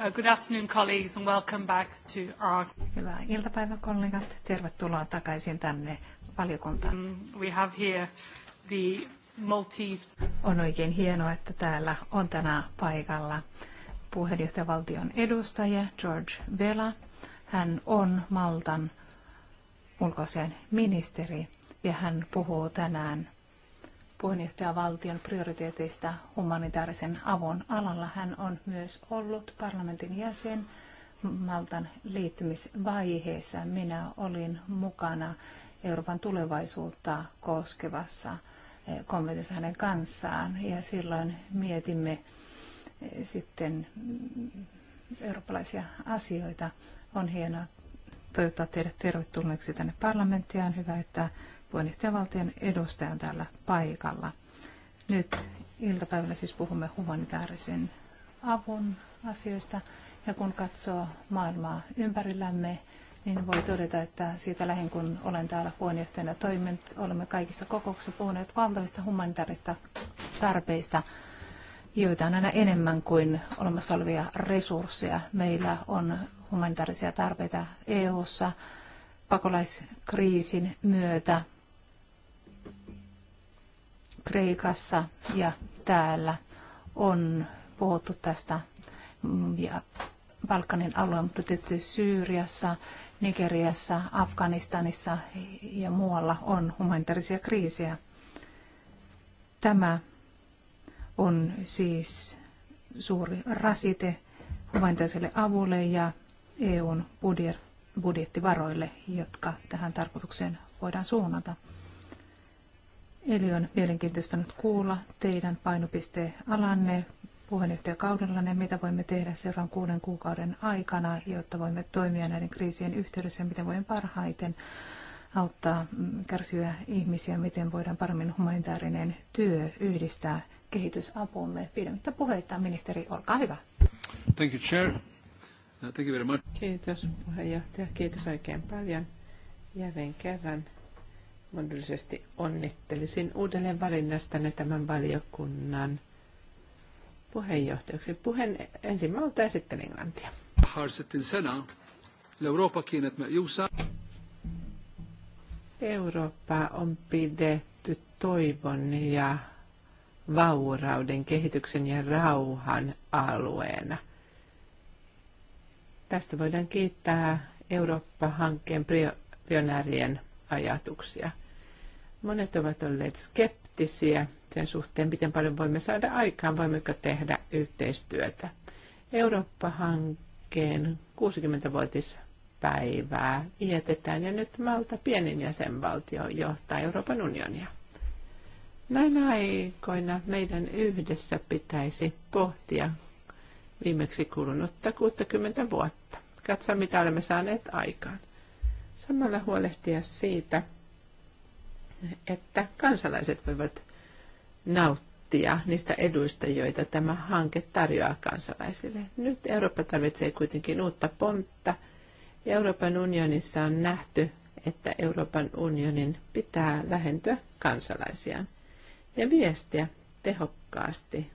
Uh, good afternoon, colleagues, and welcome back to our... Hyvää iltapäivää, kollegat. Tervetuloa takaisin tänne valiokuntaan. Um, we have here the Maltese... On oikein hienoa, että täällä on tänään paikalla puheenjohtajavaltion edustaja George Vela. Hän on Maltan ulkoasiainministeri ministeri ja hän puhuu tänään valtion prioriteeteista humanitaarisen avun alalla. Hän on myös ollut parlamentin jäsen Maltan liittymisvaiheessa. Minä olin mukana Euroopan tulevaisuutta koskevassa eh, konventissa hänen kanssaan ja silloin mietimme eh, sitten mm, eurooppalaisia asioita. On hienoa toivottaa teidät tervetulleeksi tänne parlamenttiin. hyvä, että puheenjohtajavaltion edustajan täällä paikalla. Nyt iltapäivällä siis puhumme humanitaarisen avun asioista. Ja kun katsoo maailmaa ympärillämme, niin voi todeta, että siitä lähin kun olen täällä puheenjohtajana toiminut, olemme kaikissa kokouksissa puhuneet valtavista humanitaarista tarpeista, joita on aina enemmän kuin olemassa olevia resursseja. Meillä on humanitaarisia tarpeita EU:ssa pakolaiskriisin myötä Kreikassa ja täällä on puhuttu tästä ja Balkanin alueen, mutta tietysti Syyriassa, Nigeriassa, Afganistanissa ja muualla on humanitaarisia kriisejä. Tämä on siis suuri rasite humanitaariselle avulle ja EUn budjettivaroille, jotka tähän tarkoitukseen voidaan suunnata. Eli on mielenkiintoista nyt kuulla teidän painopistealanne puheenjohtajakaudellanne, mitä voimme tehdä seuraavan kuuden kuukauden aikana, jotta voimme toimia näiden kriisien yhteydessä, miten voimme parhaiten auttaa mm, kärsiviä ihmisiä, miten voidaan paremmin humanitaarinen työ yhdistää kehitysapumme. Pidemmittä puheita, ministeri, olkaa hyvä. Thank you, Chair. Uh, thank you very much. Kiitos puheenjohtaja, kiitos oikein paljon jälleen kerran mahdollisesti onnittelisin uudelleen valinnastanne tämän valiokunnan puheenjohtajaksi. Puheen ensin Malta ja sitten Englantia. Eurooppaa on pidetty toivon ja vaurauden, kehityksen ja rauhan alueena. Tästä voidaan kiittää Eurooppa-hankkeen pionäärien ajatuksia. Monet ovat olleet skeptisiä sen suhteen, miten paljon voimme saada aikaan, voimmeko tehdä yhteistyötä. Eurooppa-hankkeen 60-vuotispäivää vietetään ja nyt Malta pienin jäsenvaltio johtaa Euroopan unionia. Näin aikoina meidän yhdessä pitäisi pohtia viimeksi kulunutta 60 vuotta. Katso, mitä olemme saaneet aikaan samalla huolehtia siitä, että kansalaiset voivat nauttia niistä eduista, joita tämä hanke tarjoaa kansalaisille. Nyt Eurooppa tarvitsee kuitenkin uutta pontta. Euroopan unionissa on nähty, että Euroopan unionin pitää lähentyä kansalaisiaan ja viestiä tehokkaasti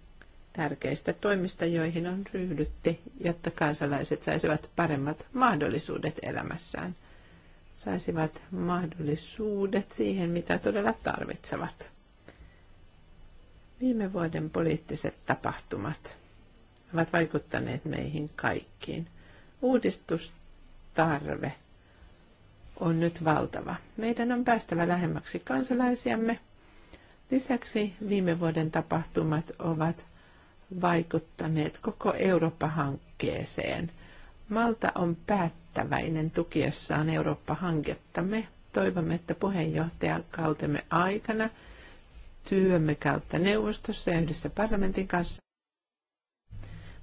tärkeistä toimista, joihin on ryhdytty, jotta kansalaiset saisivat paremmat mahdollisuudet elämässään saisivat mahdollisuudet siihen, mitä todella tarvitsevat. Viime vuoden poliittiset tapahtumat ovat vaikuttaneet meihin kaikkiin. Uudistustarve on nyt valtava. Meidän on päästävä lähemmäksi kansalaisiamme. Lisäksi viime vuoden tapahtumat ovat vaikuttaneet koko Eurooppa-hankkeeseen. Malta on päättänyt, päättäväinen tukiessaan eurooppa hankettamme toivomme, että puheenjohtajakautemme aikana työmme kautta neuvostossa ja yhdessä parlamentin kanssa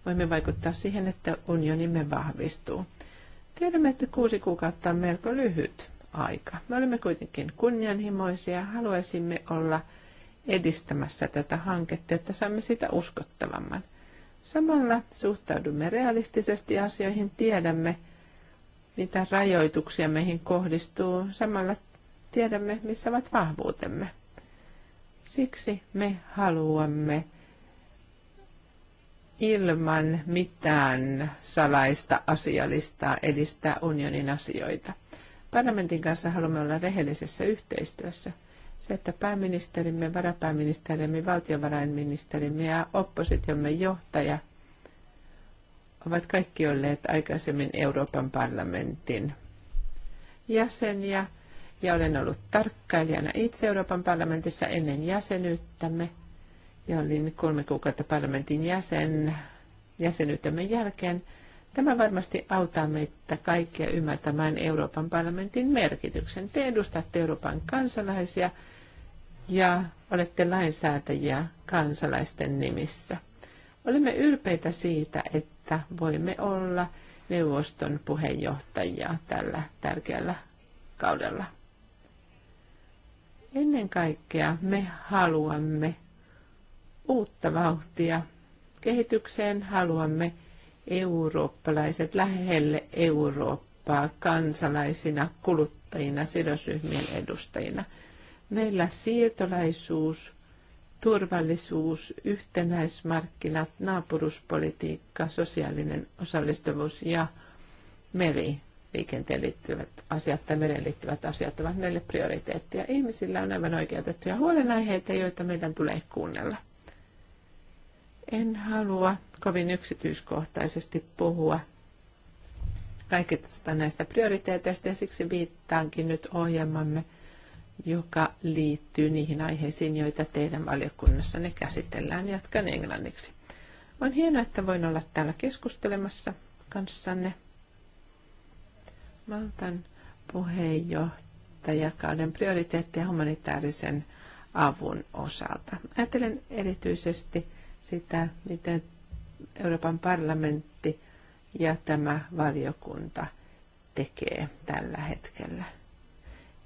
voimme vaikuttaa siihen, että unionimme vahvistuu. Tiedämme, että kuusi kuukautta on melko lyhyt aika. Me olemme kuitenkin kunnianhimoisia ja haluaisimme olla edistämässä tätä hanketta, että saamme sitä uskottavamman. Samalla suhtaudumme realistisesti asioihin, tiedämme, mitä rajoituksia meihin kohdistuu. Samalla tiedämme, missä ovat vahvuutemme. Siksi me haluamme ilman mitään salaista asialistaa edistää unionin asioita. Parlamentin kanssa haluamme olla rehellisessä yhteistyössä. Se, että pääministerimme, varapääministerimme, valtiovarainministerimme ja oppositiomme johtaja – ovat kaikki olleet aikaisemmin Euroopan parlamentin jäseniä ja olen ollut tarkkailijana itse Euroopan parlamentissa ennen jäsenyyttämme ja olin kolme kuukautta parlamentin jäsen jäsenyytemme jälkeen. Tämä varmasti auttaa meitä kaikkia ymmärtämään Euroopan parlamentin merkityksen. Te edustatte Euroopan kansalaisia ja olette lainsäätäjiä kansalaisten nimissä. Olemme ylpeitä siitä, että että voimme olla neuvoston puheenjohtajia tällä tärkeällä kaudella. Ennen kaikkea me haluamme uutta vauhtia kehitykseen, haluamme eurooppalaiset lähelle Eurooppaa kansalaisina, kuluttajina, sidosryhmien edustajina. Meillä siirtolaisuus turvallisuus, yhtenäismarkkinat, naapuruspolitiikka, sosiaalinen osallistuvuus ja meri liikenteen liittyvät asiat tai meren liittyvät asiat ovat meille prioriteetteja. Ihmisillä on aivan oikeutettuja huolenaiheita, joita meidän tulee kuunnella. En halua kovin yksityiskohtaisesti puhua kaikista näistä prioriteeteista ja siksi viittaankin nyt ohjelmamme – joka liittyy niihin aiheisiin, joita teidän valiokunnassanne käsitellään. Jatkan englanniksi. On hienoa, että voin olla täällä keskustelemassa kanssanne. Maltan puheenjohtajakauden prioriteetteja humanitaarisen avun osalta. Ajattelen erityisesti sitä, miten Euroopan parlamentti ja tämä valiokunta tekee tällä hetkellä.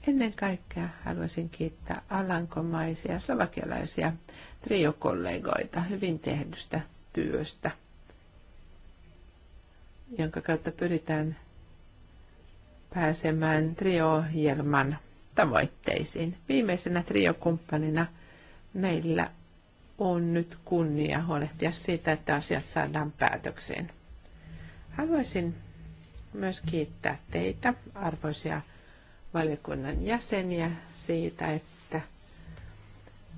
Ennen kaikkea haluaisin kiittää alankomaisia slovakialaisia triokollegoita hyvin tehdystä työstä, jonka kautta pyritään pääsemään trio-ohjelman tavoitteisiin. Viimeisenä triokumppanina meillä on nyt kunnia huolehtia siitä, että asiat saadaan päätökseen. Haluaisin myös kiittää teitä, arvoisia valiokunnan jäseniä siitä, että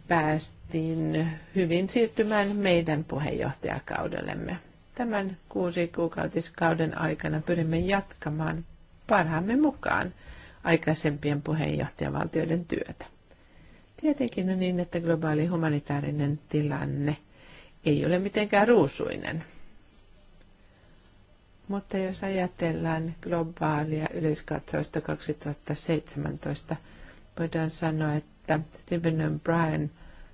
päästiin hyvin siirtymään meidän puheenjohtajakaudellemme. Tämän kuusi kuukautiskauden aikana pyrimme jatkamaan parhaamme mukaan aikaisempien puheenjohtajavaltioiden työtä. Tietenkin on niin, että globaali humanitaarinen tilanne ei ole mitenkään ruusuinen – mutta jos ajatellaan globaalia yleiskatsausta 2017, voidaan sanoa, että Stephen O'Brien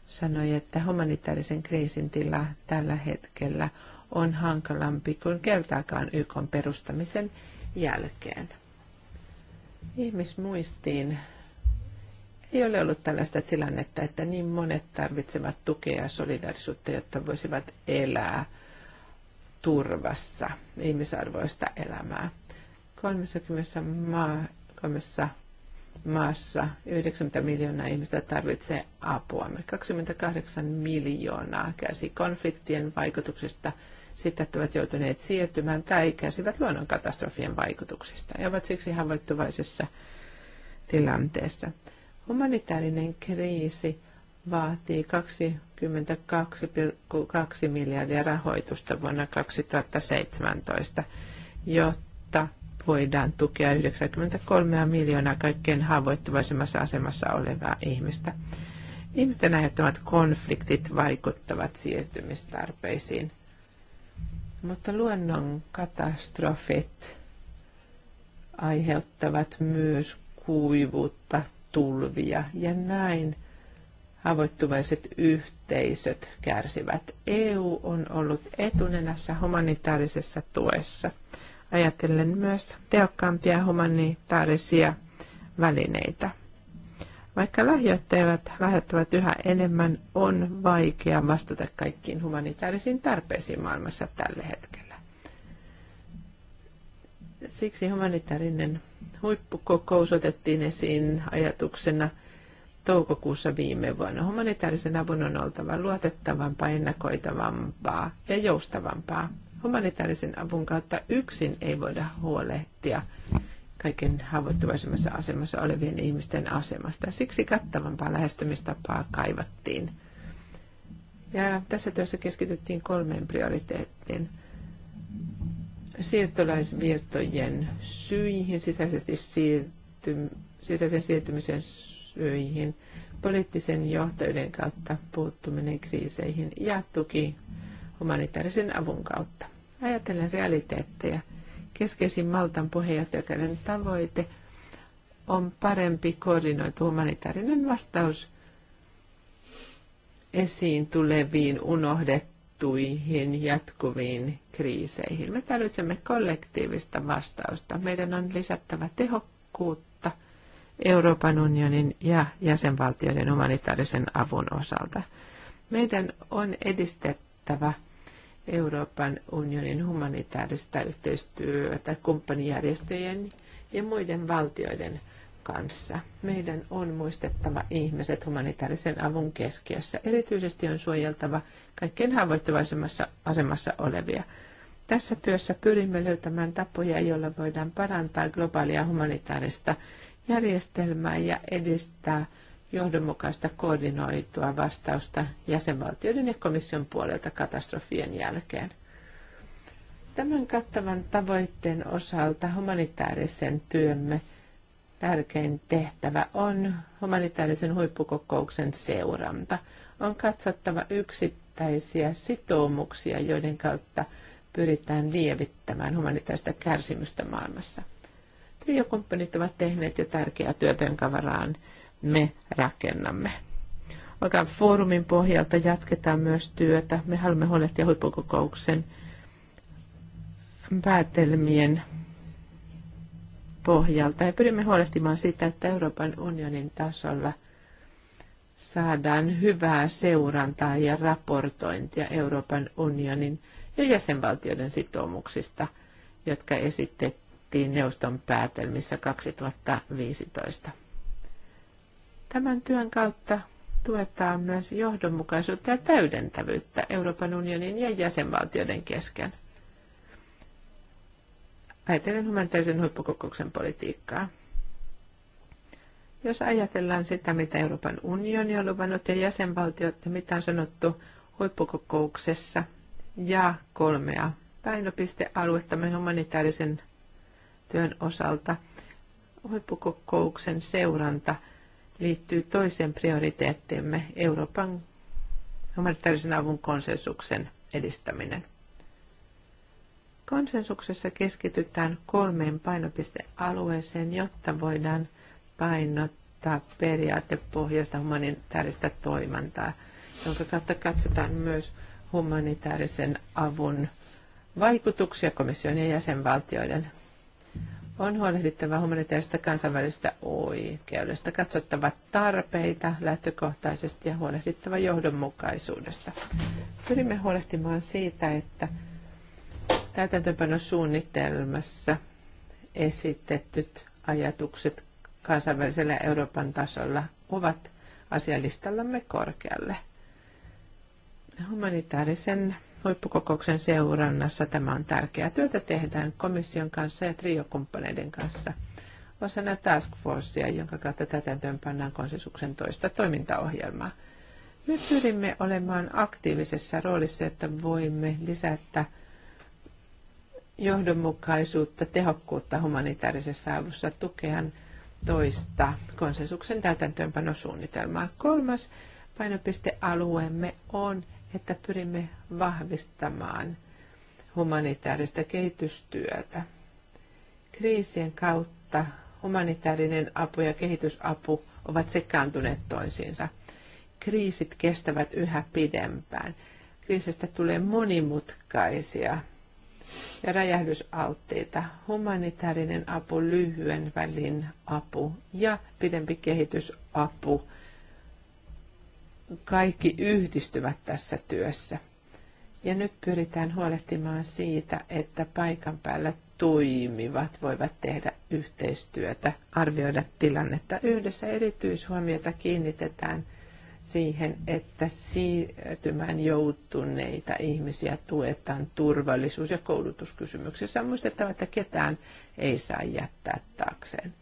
sanoi, että humanitaarisen kriisin tila tällä hetkellä on hankalampi kuin kertaakaan YK perustamisen jälkeen. Ihmismuistiin ei ole ollut tällaista tilannetta, että niin monet tarvitsevat tukea ja solidarisuutta, jotta voisivat elää – turvassa ihmisarvoista elämää. 30 maa, 30 maassa 90 miljoonaa ihmistä tarvitsee apua. 28 miljoonaa kärsii konfliktien vaikutuksista, sitten ovat joutuneet siirtymään tai kärsivät luonnonkatastrofien vaikutuksista ja ovat siksi haavoittuvaisessa tilanteessa. Humanitaarinen kriisi vaatii 22,2 miljardia rahoitusta vuonna 2017, jotta voidaan tukea 93 miljoonaa kaikkein haavoittuvaisemmassa asemassa olevaa ihmistä. Ihmisten aiheuttamat konfliktit vaikuttavat siirtymistarpeisiin, mutta luonnon katastrofit aiheuttavat myös kuivuutta, tulvia ja näin avoittuvaiset yhteisöt kärsivät. EU on ollut etunenässä humanitaarisessa tuessa, ajatellen myös tehokkaampia humanitaarisia välineitä. Vaikka lahjoittajat lahjoittavat yhä enemmän, on vaikea vastata kaikkiin humanitaarisiin tarpeisiin maailmassa tällä hetkellä. Siksi humanitaarinen huippukokous otettiin esiin ajatuksena – toukokuussa viime vuonna. Humanitaarisen avun on oltava luotettavampaa, ennakoitavampaa ja joustavampaa. Humanitaarisen avun kautta yksin ei voida huolehtia kaiken haavoittuvaisemmassa asemassa olevien ihmisten asemasta. Siksi kattavampaa lähestymistapaa kaivattiin. Ja tässä työssä keskityttiin kolmeen prioriteettiin. Siirtolaisvirtojen syihin, sisäisesti siirtym- sisäisen siirtymisen perussyihin, poliittisen johtajuuden kautta puuttuminen kriiseihin ja tuki humanitaarisen avun kautta. Ajatellen realiteetteja, keskeisin Maltan puheenjohtajakäden tavoite on parempi koordinoitu humanitaarinen vastaus esiin tuleviin unohdettuihin jatkuviin kriiseihin. Me tarvitsemme kollektiivista vastausta. Meidän on lisättävä tehokkuutta Euroopan unionin ja jäsenvaltioiden humanitaarisen avun osalta. Meidän on edistettävä Euroopan unionin humanitaarista yhteistyötä kumppanijärjestöjen ja muiden valtioiden kanssa. Meidän on muistettava ihmiset humanitaarisen avun keskiössä. Erityisesti on suojeltava kaikkein haavoittuvaisemmassa asemassa olevia. Tässä työssä pyrimme löytämään tapoja, joilla voidaan parantaa globaalia humanitaarista järjestelmää ja edistää johdonmukaista koordinoitua vastausta jäsenvaltioiden ja komission puolelta katastrofien jälkeen. Tämän kattavan tavoitteen osalta humanitaarisen työmme tärkein tehtävä on humanitaarisen huippukokouksen seuranta. On katsottava yksittäisiä sitoumuksia, joiden kautta pyritään lievittämään humanitaarista kärsimystä maailmassa. Triokumppanit ovat tehneet jo tärkeää työtä, jonka varaan me rakennamme. Oikean foorumin pohjalta jatketaan myös työtä. Me haluamme huolehtia huippukokouksen päätelmien pohjalta ja pyrimme huolehtimaan sitä, että Euroopan unionin tasolla saadaan hyvää seurantaa ja raportointia Euroopan unionin ja jäsenvaltioiden sitoumuksista, jotka esitettiin todettiin neuvoston päätelmissä 2015. Tämän työn kautta tuetaan myös johdonmukaisuutta ja täydentävyyttä Euroopan unionin ja jäsenvaltioiden kesken. Ajatellen humanitaarisen huippukokouksen politiikkaa. Jos ajatellaan sitä, mitä Euroopan unioni on luvannut ja jäsenvaltiot, mitä on sanottu huippukokouksessa ja kolmea painopistealuetta humanitaarisen työn osalta huippukokouksen seuranta liittyy toiseen prioriteettiimme Euroopan humanitaarisen avun konsensuksen edistäminen. Konsensuksessa keskitytään kolmeen painopistealueeseen, jotta voidaan painottaa periaatepohjaista humanitaarista toimintaa, jonka kautta katsotaan myös humanitaarisen avun vaikutuksia komission ja jäsenvaltioiden on huolehdittava humanitaarista kansainvälisestä oikeudesta, katsottava tarpeita lähtökohtaisesti ja huolehdittava johdonmukaisuudesta. Pyrimme huolehtimaan siitä, että suunnitelmassa esitetyt ajatukset kansainvälisellä Euroopan tasolla ovat asialistallamme korkealle. Humanitaarisen huippukokouksen seurannassa tämä on tärkeää. Työtä tehdään komission kanssa ja triokumppaneiden kanssa osana task forcea, jonka kautta täytäntöön pannaan konsensuksen toista toimintaohjelmaa. Me pyrimme olemaan aktiivisessa roolissa, että voimme lisätä johdonmukaisuutta, tehokkuutta humanitaarisessa avussa tukehan toista konsensuksen täytäntöönpanosuunnitelmaa. Kolmas painopistealueemme on että pyrimme vahvistamaan humanitaarista kehitystyötä. Kriisien kautta humanitaarinen apu ja kehitysapu ovat sekaantuneet toisiinsa. Kriisit kestävät yhä pidempään. Kriisistä tulee monimutkaisia ja räjähdysalttiita. Humanitaarinen apu, lyhyen välin apu ja pidempi kehitysapu – kaikki yhdistyvät tässä työssä. Ja nyt pyritään huolehtimaan siitä, että paikan päällä toimivat voivat tehdä yhteistyötä, arvioida tilannetta yhdessä. Erityishuomiota kiinnitetään siihen, että siirtymään joutuneita ihmisiä tuetaan turvallisuus- ja koulutuskysymyksissä. On muistettava, että ketään ei saa jättää taakseen.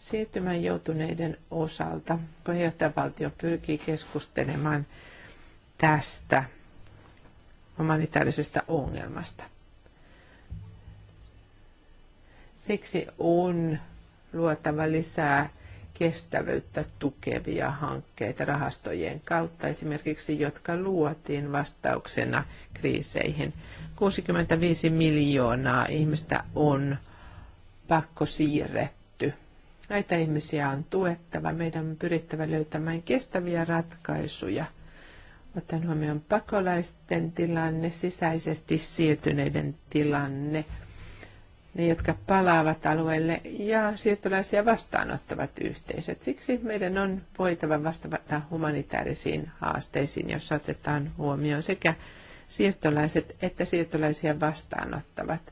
Siirtymään joutuneiden osalta puheenjohtajavaltio pyrkii keskustelemaan tästä humanitaarisesta ongelmasta. Siksi on luotava lisää kestävyyttä tukevia hankkeita rahastojen kautta, esimerkiksi jotka luotiin vastauksena kriiseihin. 65 miljoonaa ihmistä on pakko siirretty Näitä ihmisiä on tuettava. Meidän on pyrittävä löytämään kestäviä ratkaisuja. Otan huomioon pakolaisten tilanne, sisäisesti siirtyneiden tilanne, ne, jotka palaavat alueelle ja siirtolaisia vastaanottavat yhteisöt. Siksi meidän on voitava vastata humanitaarisiin haasteisiin, jos otetaan huomioon sekä siirtolaiset että siirtolaisia vastaanottavat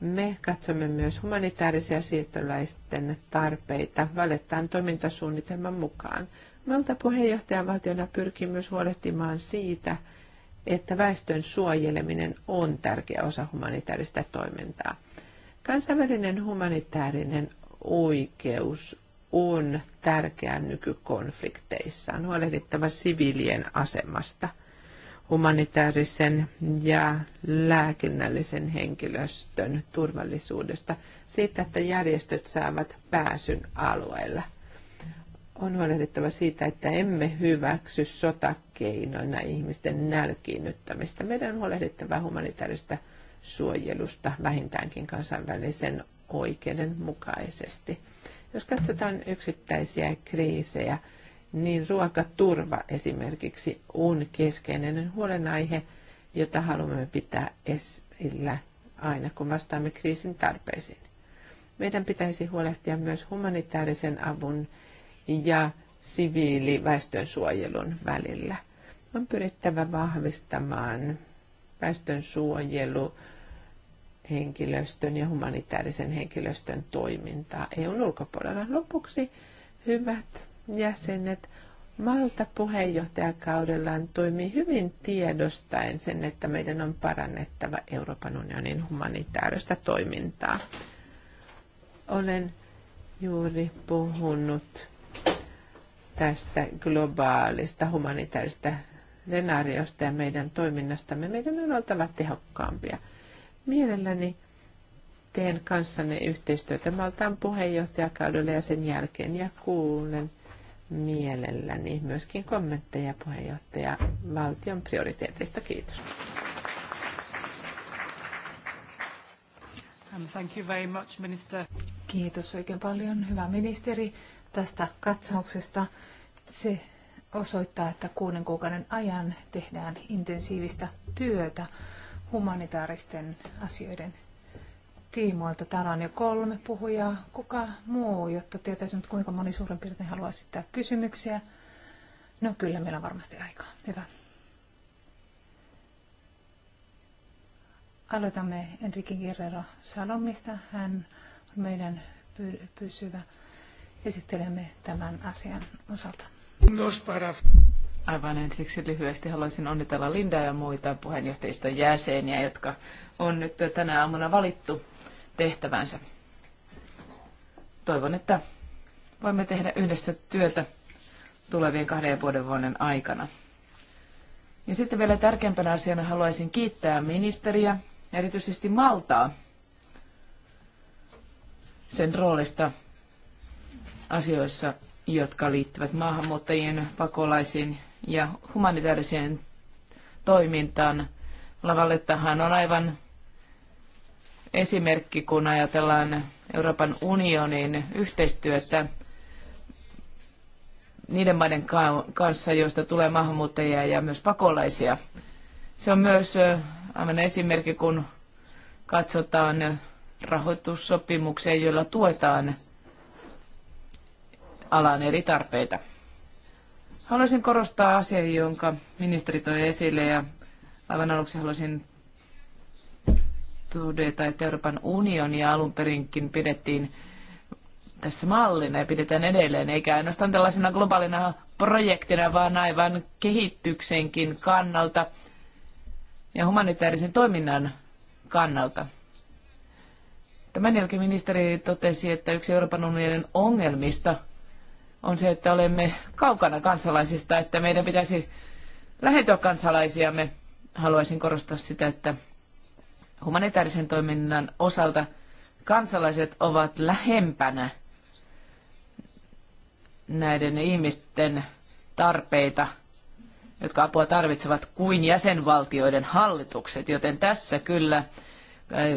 me katsomme myös humanitaarisia siirtolaisten tarpeita valettaan toimintasuunnitelman mukaan. Malta puheenjohtajan valtiona pyrkii myös huolehtimaan siitä, että väestön suojeleminen on tärkeä osa humanitaarista toimintaa. Kansainvälinen humanitaarinen oikeus on tärkeä nykykonflikteissa. On huolehdittava siviilien asemasta – humanitaarisen ja lääkinnällisen henkilöstön turvallisuudesta, siitä, että järjestöt saavat pääsyn alueella. On huolehdittava siitä, että emme hyväksy sotakeinoina ihmisten nälkiinnyttämistä. Meidän on huolehdittava humanitaarista suojelusta vähintäänkin kansainvälisen oikeuden mukaisesti. Jos katsotaan yksittäisiä kriisejä, niin ruokaturva esimerkiksi on keskeinen huolenaihe, jota haluamme pitää esillä aina, kun vastaamme kriisin tarpeisiin. Meidän pitäisi huolehtia myös humanitaarisen avun ja siviiliväestön suojelun välillä. On pyrittävä vahvistamaan väestön suojelu, henkilöstön ja humanitaarisen henkilöstön toimintaa EUn ulkopuolella. Lopuksi hyvät jäsenet. Malta puheenjohtajakaudellaan toimii hyvin tiedostaen sen, että meidän on parannettava Euroopan unionin humanitaarista toimintaa. Olen juuri puhunut tästä globaalista humanitaarista skenaariosta ja meidän toiminnastamme. Meidän on oltava tehokkaampia. Mielelläni teen kanssanne yhteistyötä Maltaan puheenjohtajakaudella ja sen jälkeen ja kuulen mielelläni myöskin kommentteja puheenjohtaja valtion prioriteeteista. Kiitos. Thank you very much, minister. Kiitos oikein paljon, hyvä ministeri, tästä katsauksesta. Se osoittaa, että kuuden kuukauden ajan tehdään intensiivistä työtä humanitaaristen asioiden tiimoilta. Täällä on jo kolme puhujaa. Kuka muu, jotta tietäisi nyt kuinka moni suurin piirtein haluaa esittää kysymyksiä? No kyllä, meillä on varmasti aikaa. Hyvä. Aloitamme Enrique Guerrero Salomista. Hän on meidän pysyvä. Esittelemme tämän asian osalta. Aivan ensiksi lyhyesti haluaisin onnitella Linda ja muita puheenjohtajiston jäseniä, jotka on nyt tänä aamuna valittu tehtävänsä. Toivon, että voimme tehdä yhdessä työtä tulevien kahden ja vuoden vuoden aikana. Ja sitten vielä tärkeämpänä asiana haluaisin kiittää ministeriä, erityisesti Maltaa, sen roolista asioissa, jotka liittyvät maahanmuuttajien, pakolaisiin ja humanitaariseen toimintaan. Lavallettahan on aivan esimerkki, kun ajatellaan Euroopan unionin yhteistyötä niiden maiden kanssa, joista tulee maahanmuuttajia ja myös pakolaisia. Se on myös aivan esimerkki, kun katsotaan rahoitussopimuksia, joilla tuetaan alan eri tarpeita. Haluaisin korostaa asiaa, jonka ministeri toi esille ja aivan aluksi haluaisin todeta, että Euroopan unionia alun perinkin pidettiin tässä mallina ja pidetään edelleen, eikä ainoastaan tällaisena globaalina projektina, vaan aivan kehityksenkin kannalta ja humanitaarisen toiminnan kannalta. Tämän jälkeen ministeri totesi, että yksi Euroopan unionin ongelmista on se, että olemme kaukana kansalaisista, että meidän pitäisi lähentyä kansalaisiamme. Haluaisin korostaa sitä, että humanitaarisen toiminnan osalta kansalaiset ovat lähempänä näiden ihmisten tarpeita, jotka apua tarvitsevat, kuin jäsenvaltioiden hallitukset. Joten tässä kyllä eh,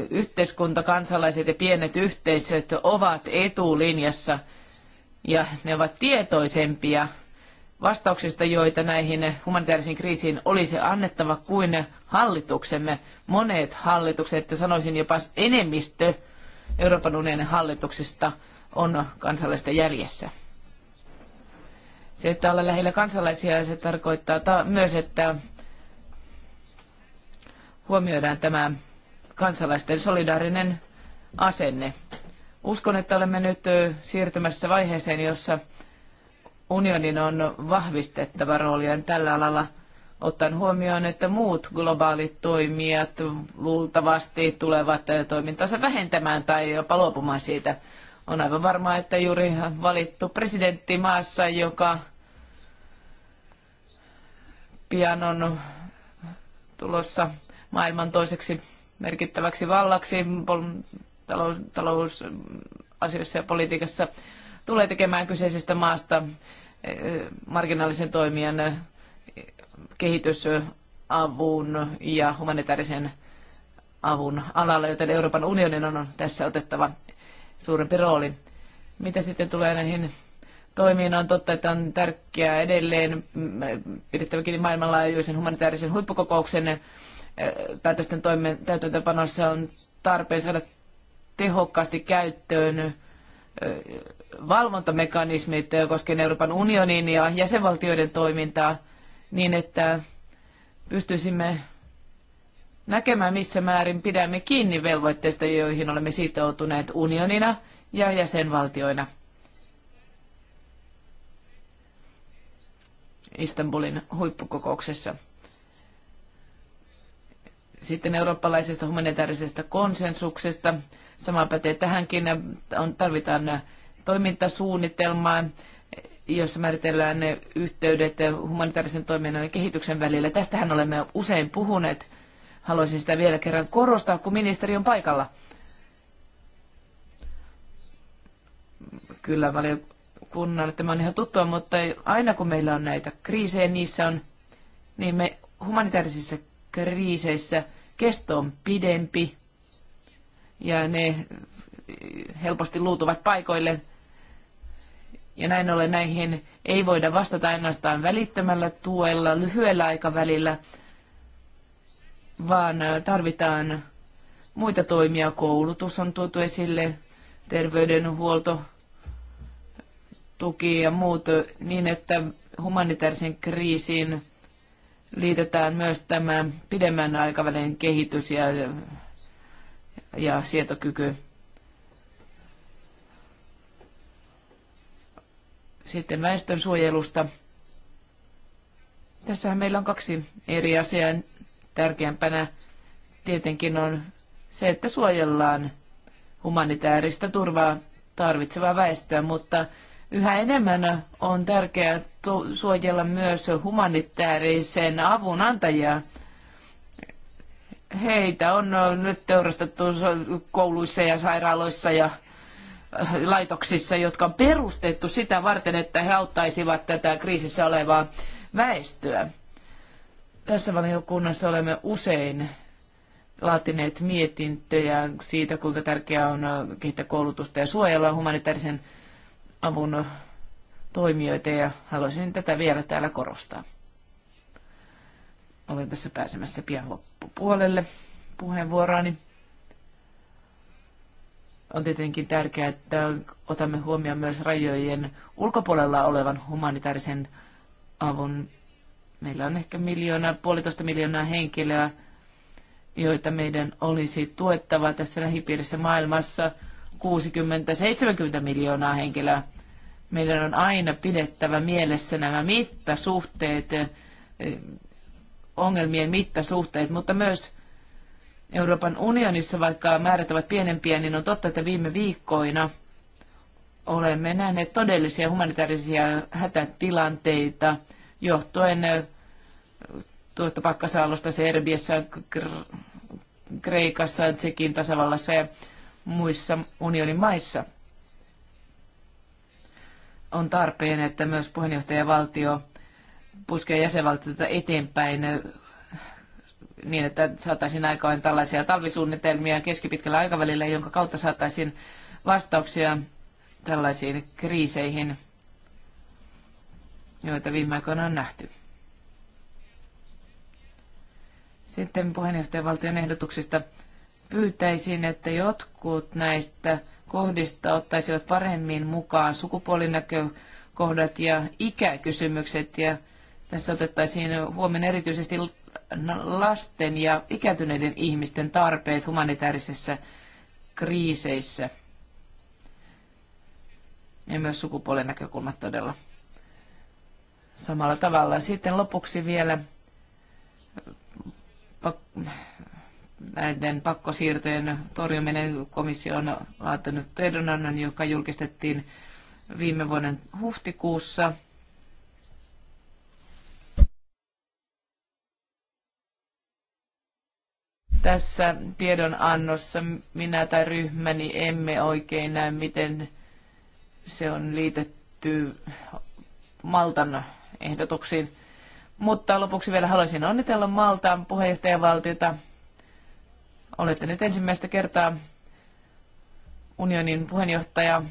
yhteiskunta, kansalaiset ja pienet yhteisöt ovat etulinjassa ja ne ovat tietoisempia vastauksista, joita näihin humanitaarisiin kriisiin olisi annettava kuin hallituksemme. Monet hallitukset, sanoisin jopa enemmistö Euroopan unionin hallituksista on kansalaisten jäljessä. Se, että olla lähellä kansalaisia, se tarkoittaa myös, että huomioidaan tämä kansalaisten solidaarinen asenne. Uskon, että olemme nyt siirtymässä vaiheeseen, jossa unionin on vahvistettava rooliaan tällä alalla ottaen huomioon, että muut globaalit toimijat luultavasti tulevat toimintansa vähentämään tai jopa luopumaan siitä. On aivan varmaa, että juuri valittu presidentti maassa, joka pian on tulossa maailman toiseksi merkittäväksi vallaksi talousasioissa ja politiikassa tulee tekemään kyseisestä maasta marginaalisen toimijan eh, kehitysavun ja humanitaarisen avun alalla, joten Euroopan unionin on tässä otettava suurempi rooli. Mitä sitten tulee näihin toimiin, on totta, että on tärkeää edelleen mm, pidettävä kiinni maailmanlaajuisen humanitaarisen huippukokouksen eh, päätösten toimen täytäntöpanossa on tarpeen saada tehokkaasti käyttöön eh, valvontamekanismit koskien Euroopan unionin ja jäsenvaltioiden toimintaa niin, että pystyisimme näkemään, missä määrin pidämme kiinni velvoitteista, joihin olemme sitoutuneet unionina ja jäsenvaltioina. Istanbulin huippukokouksessa. Sitten eurooppalaisesta humanitaarisesta konsensuksesta. Sama pätee tähänkin. On, tarvitaan toimintasuunnitelmaa, jossa määritellään ne yhteydet humanitaarisen toiminnan ja kehityksen välillä. Tästähän olemme usein puhuneet. Haluaisin sitä vielä kerran korostaa, kun ministeri on paikalla. Kyllä valiokunnalle tämä on ihan tuttua, mutta aina kun meillä on näitä kriisejä, niissä on, niin me humanitaarisissa kriiseissä kesto on pidempi ja ne helposti luutuvat paikoille. Ja näin ollen näihin ei voida vastata ainoastaan välittömällä tuella lyhyellä aikavälillä, vaan tarvitaan muita toimia. Koulutus on tuotu esille, terveydenhuolto, tuki ja muut, niin että humanitaarisen kriisiin liitetään myös tämä pidemmän aikavälin kehitys ja, ja sietokyky. Sitten väestönsuojelusta. Tässähän meillä on kaksi eri asiaa. Tärkeämpänä tietenkin on se, että suojellaan humanitaarista turvaa tarvitsevaa väestöä, mutta yhä enemmän on tärkeää suojella myös humanitaarisen avun antajia. Heitä on nyt teurastettu kouluissa ja sairaaloissa ja laitoksissa, jotka on perustettu sitä varten, että he auttaisivat tätä kriisissä olevaa väestöä. Tässä valiokunnassa olemme usein laatineet mietintöjä siitä, kuinka tärkeää on kehittää koulutusta ja suojella humanitaarisen avun toimijoita ja haluaisin tätä vielä täällä korostaa. Olen tässä pääsemässä pian loppupuolelle puheenvuoroani. On tietenkin tärkeää, että otamme huomioon myös rajojen ulkopuolella olevan humanitaarisen avun. Meillä on ehkä miljoona, puolitoista miljoonaa henkilöä, joita meidän olisi tuettava tässä lähipiirissä maailmassa 60-70 miljoonaa henkilöä. Meidän on aina pidettävä mielessä nämä mittasuhteet, eh, ongelmien mittasuhteet, mutta myös Euroopan unionissa, vaikka määrät ovat pienempiä, niin on totta, että viime viikkoina olemme nähneet todellisia humanitaarisia hätätilanteita johtuen eh, tuosta pakkasaalosta Serbiassa, Kreikassa, Tsekin tasavallassa ja muissa unionin maissa. On tarpeen, että myös puheenjohtajavaltio puskee jäsenvaltioita eteenpäin eh, niin, että saataisiin aikaan tällaisia talvisuunnitelmia keskipitkällä aikavälillä, jonka kautta saataisiin vastauksia tällaisiin kriiseihin, joita viime aikoina on nähty. Sitten puheenjohtajavaltion ehdotuksista pyytäisin, että jotkut näistä kohdista ottaisivat paremmin mukaan sukupuolinäkökohdat ja ikäkysymykset ja tässä otettaisiin huomioon erityisesti lasten ja ikääntyneiden ihmisten tarpeet humanitaarisissa kriiseissä. Ja myös sukupuolen näkökulmat todella samalla tavalla. Sitten lopuksi vielä näiden pakkosiirtojen torjuminen. Komissio on laatinut tiedonannon, joka julkistettiin viime vuoden huhtikuussa. Tässä tiedonannossa minä tai ryhmäni emme oikein näe, miten se on liitetty Maltan ehdotuksiin. Mutta lopuksi vielä haluaisin onnitella Maltaan puheenjohtajavaltiota. Olette nyt ensimmäistä kertaa unionin puheenjohtaja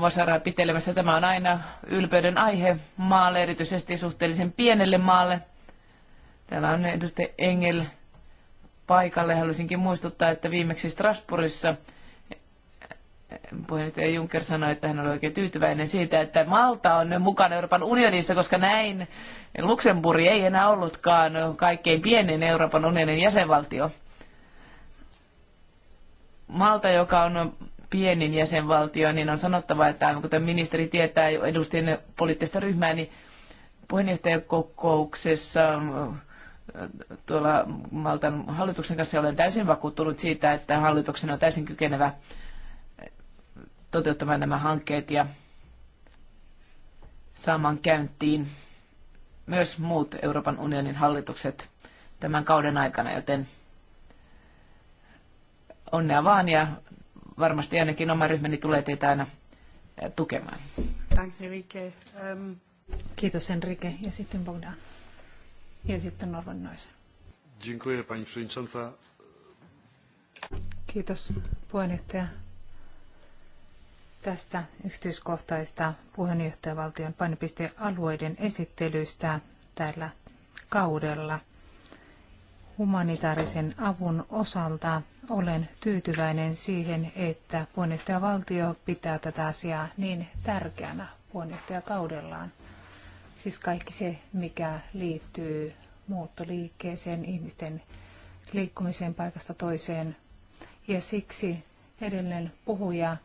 Vasaraa pitelemässä. Tämä on aina ylpeyden aihe maalle, erityisesti suhteellisen pienelle maalle – Täällä on edustaja Engel paikalle. Haluaisinkin muistuttaa, että viimeksi Strasbourgissa eh, puheenjohtaja Juncker sanoi, että hän oli oikein tyytyväinen siitä, että Malta on mukana Euroopan unionissa, koska näin Luxemburg ei enää ollutkaan kaikkein pienin Euroopan unionin jäsenvaltio. Malta, joka on pienin jäsenvaltio, niin on sanottava, että aivan kuten ministeri tietää edustin poliittista ryhmää, niin puheenjohtajakokouksessa tuolla Maltan hallituksen kanssa olen täysin vakuuttunut siitä, että hallituksen on täysin kykenevä toteuttamaan nämä hankkeet ja saamaan käyntiin myös muut Euroopan unionin hallitukset tämän kauden aikana, joten onnea vaan ja varmasti ainakin oma ryhmäni tulee teitä aina tukemaan. Thanks, Enrique. Um... Kiitos Enrique ja sitten Bogdan ja sitten Norvan Dziękuję pani przewodnicząca. Kiitos puheenjohtaja tästä yksityiskohtaista puheenjohtajavaltion painopistealueiden esittelystä tällä kaudella. Humanitaarisen avun osalta olen tyytyväinen siihen, että puheenjohtajavaltio pitää tätä asiaa niin tärkeänä puheenjohtajakaudellaan. kaudellaan Siis kaikki se, mikä liittyy muuttoliikkeeseen, ihmisten liikkumiseen paikasta toiseen. Ja siksi edellinen puhuja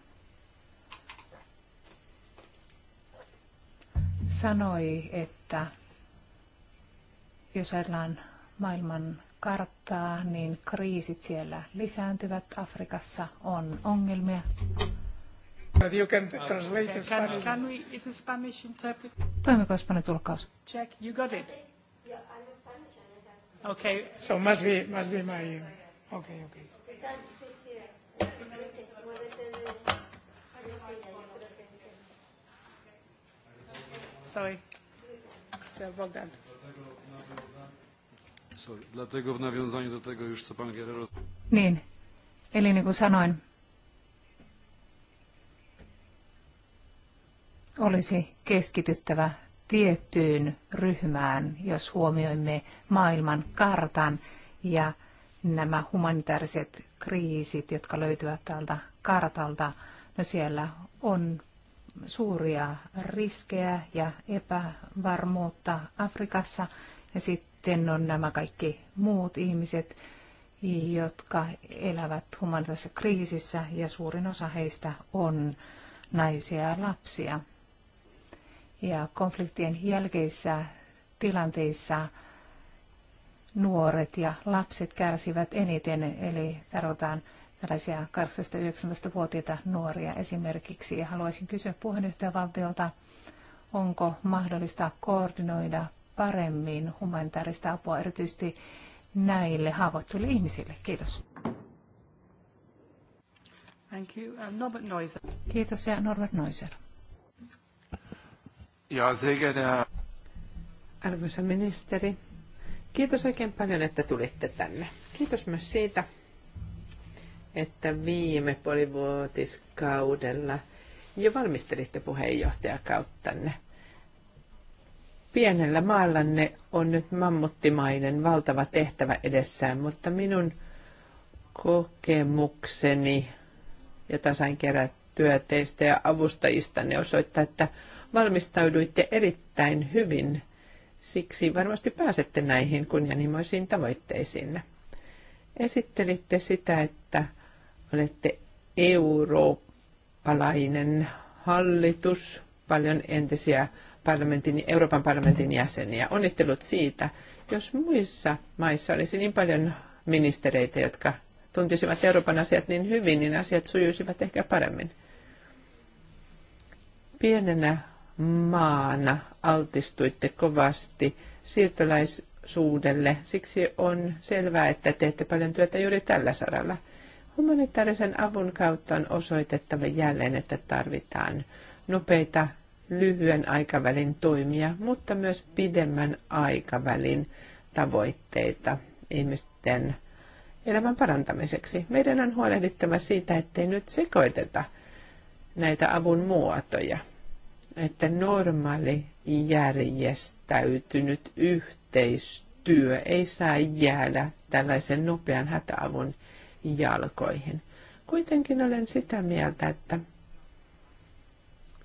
sanoi, että jos ajatellaan maailman karttaa, niin kriisit siellä lisääntyvät. Afrikassa on ongelmia you can translate in Spanish. Can we, is a Spanish interpret? Toimiko Espanjan tulkaus? Check, you got it? Yes, I'm Spanish Okay. So must be, must be my, okay, okay. Sorry. Sorry. Niin, eli niin kuin sanoin, olisi keskityttävä tiettyyn ryhmään, jos huomioimme maailman kartan ja nämä humanitaariset kriisit, jotka löytyvät täältä kartalta. No siellä on suuria riskejä ja epävarmuutta Afrikassa ja sitten on nämä kaikki muut ihmiset, jotka elävät humanitaarisessa kriisissä ja suurin osa heistä on naisia ja lapsia ja konfliktien jälkeisissä tilanteissa nuoret ja lapset kärsivät eniten, eli tarvitaan tällaisia 18-19-vuotiaita nuoria esimerkiksi. Ja haluaisin kysyä puheenjohtajavaltiolta, onko mahdollista koordinoida paremmin humanitaarista apua erityisesti näille haavoittuville ihmisille. Kiitos. Thank you. Uh, Norbert Neuser. Kiitos ja Norbert Neuser. Ja sekä Arvoisa ministeri, kiitos oikein paljon, että tulitte tänne. Kiitos myös siitä, että viime puolivuotiskaudella jo valmistelitte puheenjohtajakauttanne. Pienellä maallanne on nyt mammuttimainen valtava tehtävä edessään, mutta minun kokemukseni, jota sain kerättyä teistä ja avustajistanne, osoittaa, että – valmistauduitte erittäin hyvin. Siksi varmasti pääsette näihin kunnianhimoisiin tavoitteisiinne. Esittelitte sitä, että olette eurooppalainen hallitus, paljon entisiä parlamentin, Euroopan parlamentin jäseniä. Onnittelut siitä, jos muissa maissa olisi niin paljon ministereitä, jotka tuntisivat Euroopan asiat niin hyvin, niin asiat sujuisivat ehkä paremmin. Pienenä maana altistuitte kovasti siirtolaisuudelle. Siksi on selvää, että teette paljon työtä juuri tällä saralla. Humanitaarisen avun kautta on osoitettava jälleen, että tarvitaan nopeita lyhyen aikavälin toimia, mutta myös pidemmän aikavälin tavoitteita ihmisten elämän parantamiseksi. Meidän on huolehdittava siitä, ettei nyt sekoiteta näitä avun muotoja – että normaali järjestäytynyt yhteistyö ei saa jäädä tällaisen nopean hätäavun jalkoihin. Kuitenkin olen sitä mieltä, että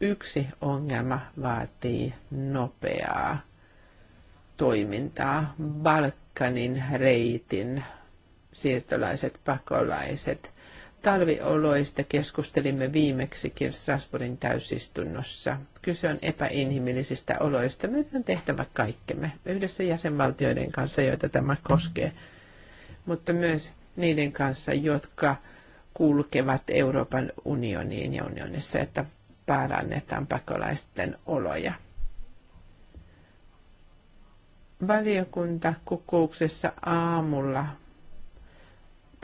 yksi ongelma vaatii nopeaa toimintaa. Balkanin reitin siirtolaiset pakolaiset. Talvioloista keskustelimme viimeksikin Strasbourgin täysistunnossa kyse on epäinhimillisistä oloista. Meidän on tehtävä kaikkemme yhdessä jäsenvaltioiden kanssa, joita tämä koskee, mutta myös niiden kanssa, jotka kulkevat Euroopan unioniin ja unionissa, että parannetaan pakolaisten oloja. Valiokunta kokouksessa aamulla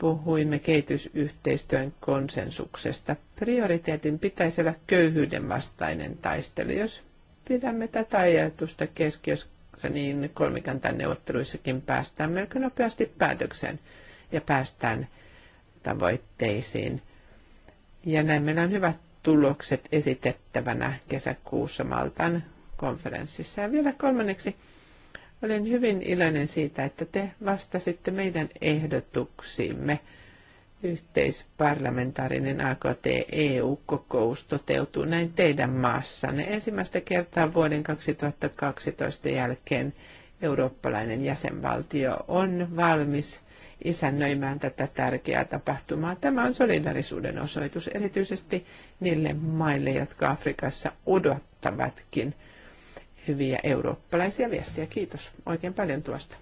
puhuimme kehitysyhteistyön konsensuksesta. Prioriteetin pitäisi olla köyhyyden vastainen taistelu. Jos pidämme tätä ajatusta keskiössä, niin kolmikantan neuvotteluissakin päästään melko nopeasti päätökseen ja päästään tavoitteisiin. Ja näin meillä on hyvät tulokset esitettävänä kesäkuussa Maltan konferenssissa. Ja vielä kolmanneksi olen hyvin iloinen siitä, että te vastasitte meidän ehdotuksiimme. Yhteisparlamentaarinen AKT-EU-kokous toteutuu näin teidän maassanne ensimmäistä kertaa vuoden 2012 jälkeen eurooppalainen jäsenvaltio on valmis isännöimään tätä tärkeää tapahtumaa. Tämä on solidarisuuden osoitus erityisesti niille maille, jotka Afrikassa odottavatkin hyviä eurooppalaisia viestejä. Kiitos oikein paljon tuosta.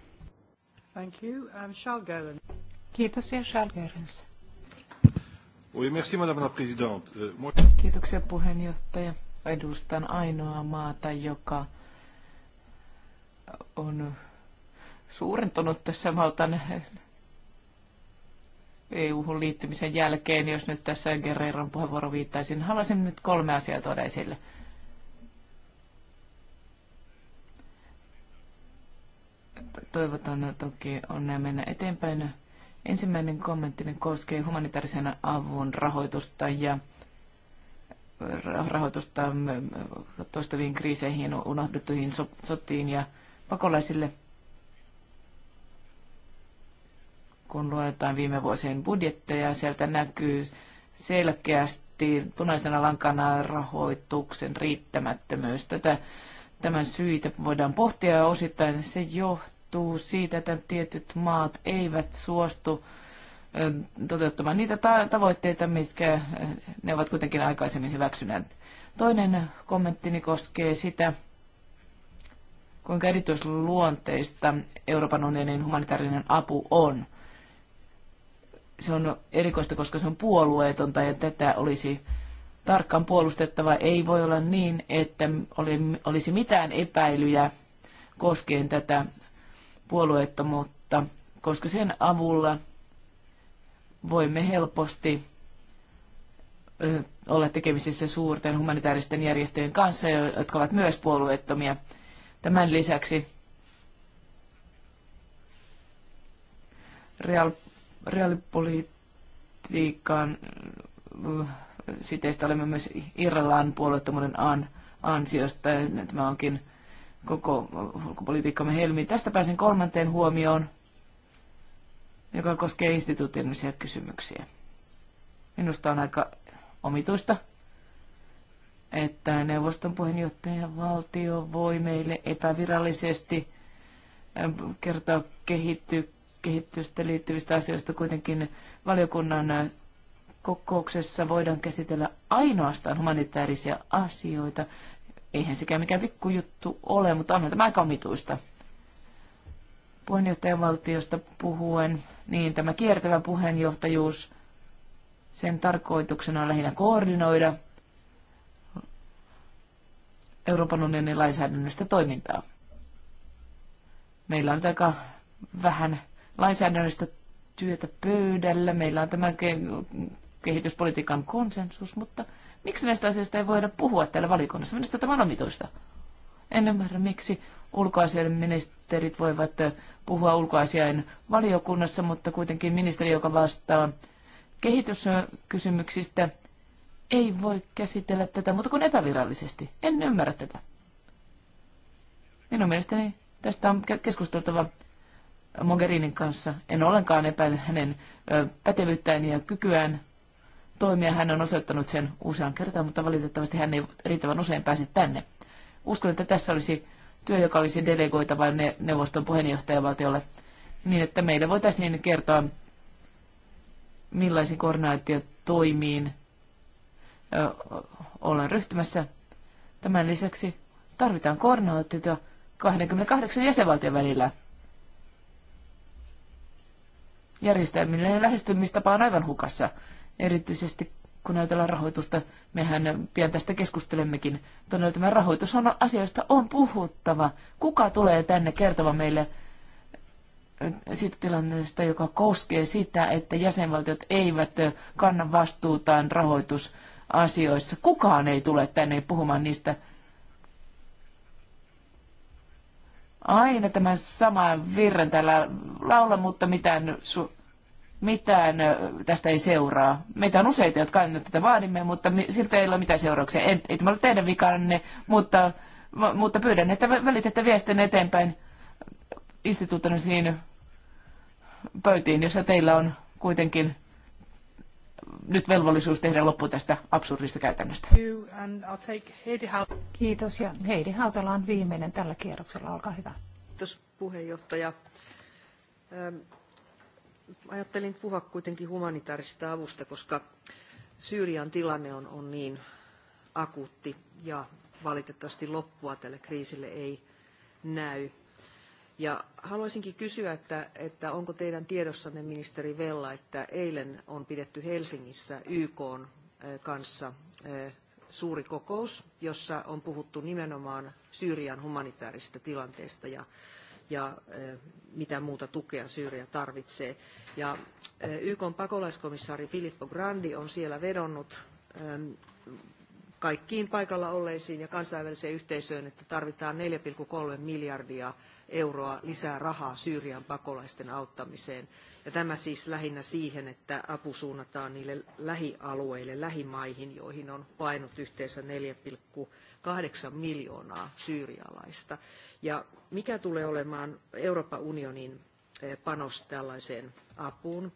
Thank you. Um, Kiitos ja Charles Gerens. Oui, merci, madame la présidente. Euh, moi... Kiitoksia puheenjohtaja. Edustan ainoa maata, joka on suurentunut tässä valtan EU-hun liittymisen jälkeen, jos nyt tässä Gerreron puheenvuoro viittaisin. Haluaisin nyt kolme asiaa tuoda esille. toivotan toki onnea mennä eteenpäin. Ensimmäinen kommentti koskee humanitaarisen avun rahoitusta ja äh, rahoitusta mm, toistuviin kriiseihin, unohdettuihin sotiin ja pakolaisille. Kun luetaan viime vuosien budjetteja, sieltä näkyy selkeästi punaisena lankana rahoituksen riittämättömyys. Tätä tämän syitä voidaan pohtia osittain se johtuu siitä, että tietyt maat eivät suostu toteuttamaan niitä tavoitteita, mitkä ne ovat kuitenkin aikaisemmin hyväksyneet. Toinen kommenttini koskee sitä, kuinka erityisluonteista Euroopan unionin humanitaarinen apu on. Se on erikoista, koska se on puolueetonta ja tätä olisi tarkkaan puolustettava. Ei voi olla niin, että olisi mitään epäilyjä koskien tätä puolueettomuutta, koska sen avulla voimme helposti olla tekemisissä suurten humanitaaristen järjestöjen kanssa, jotka ovat myös puolueettomia. Tämän lisäksi realpolitiikan Real, siteistä olemme myös Irrallaan puolueettomuuden an, ansiosta. Tämä onkin koko ulkopolitiikkamme helmi. Tästä pääsen kolmanteen huomioon, joka koskee instituutiollisia kysymyksiä. Minusta on aika omituista, että neuvoston puheenjohtaja valtio voi meille epävirallisesti kertoa kehittyä kehitystä liittyvistä asioista kuitenkin valiokunnan kokouksessa voidaan käsitellä ainoastaan humanitaarisia asioita. Eihän sekään mikään pikkujuttu ole, mutta onhan tämä aika omituista. Puheenjohtajavaltiosta puhuen, niin tämä kiertävä puheenjohtajuus, sen tarkoituksena on lähinnä koordinoida Euroopan unionin lainsäädännöstä toimintaa. Meillä on aika vähän lainsäädännöstä työtä pöydällä. Meillä on tämä kehityspolitiikan konsensus, mutta miksi näistä asioista ei voida puhua täällä valikunnassa? Minusta tämä on omituista. En ymmärrä, miksi ulkoasioiden ministerit voivat puhua ulkoasiain valiokunnassa, mutta kuitenkin ministeri, joka vastaa kehityskysymyksistä, ei voi käsitellä tätä mutta kuin epävirallisesti. En ymmärrä tätä. Minun mielestäni tästä on keskusteltava Mogherinin kanssa. En ollenkaan epäile hänen pätevyyttään ja kykyään toimia. Hän on osoittanut sen usean kertaan, mutta valitettavasti hän ei riittävän usein pääse tänne. Uskon, että tässä olisi työ, joka olisi delegoitava neuvoston puheenjohtajavaltiolle niin, että meille voitaisiin kertoa, millaisiin koordinaatiotoimiin ollaan ryhtymässä. Tämän lisäksi tarvitaan koordinaatiota 28 jäsenvaltion välillä. Järjestelmillinen lähestymistapa on aivan hukassa erityisesti kun ajatellaan rahoitusta, mehän pian tästä keskustelemmekin. Todella tämä rahoitus on asioista on puhuttava. Kuka tulee tänne kertomaan meille eh, siitä tilanteesta, joka koskee sitä, että jäsenvaltiot eivät kanna vastuutaan rahoitusasioissa. Kukaan ei tule tänne puhumaan niistä. Aina tämä sama virran täällä laula, mutta mitään su- mitään tästä ei seuraa. Meitä on useita, jotka aina tätä vaadimme, mutta siltä ei ole mitään seurauksia. En, ei tämä ole teidän vikanne, mutta, mutta pyydän, että välitätte viestin eteenpäin instituutionisiin pöytiin, jossa teillä on kuitenkin nyt velvollisuus tehdä loppu tästä absurdista käytännöstä. Kiitos ja Heidi Hautala on viimeinen tällä kierroksella. Olkaa hyvä. Kiitos puheenjohtaja. Ajattelin puhua kuitenkin humanitaarista avusta, koska Syyrian tilanne on, on niin akuutti ja valitettavasti loppua tälle kriisille ei näy. Ja haluaisinkin kysyä, että, että onko teidän tiedossanne, ministeri Vella, että eilen on pidetty Helsingissä YK kanssa suuri kokous, jossa on puhuttu nimenomaan Syyrian humanitaarisesta tilanteesta ja ja eh, mitä muuta tukea Syyria tarvitsee. Ja eh, YK pakolaiskomissaari Filippo Grandi on siellä vedonnut ehm, kaikkiin paikalla olleisiin ja kansainväliseen yhteisöön, että tarvitaan 4,3 miljardia euroa lisää rahaa Syyrian pakolaisten auttamiseen. Ja tämä siis lähinnä siihen, että apu suunnataan niille lähialueille, lähimaihin, joihin on painut yhteensä 4,8 miljoonaa syyrialaista. Ja mikä tulee olemaan Euroopan unionin eh, panos tällaiseen apuun?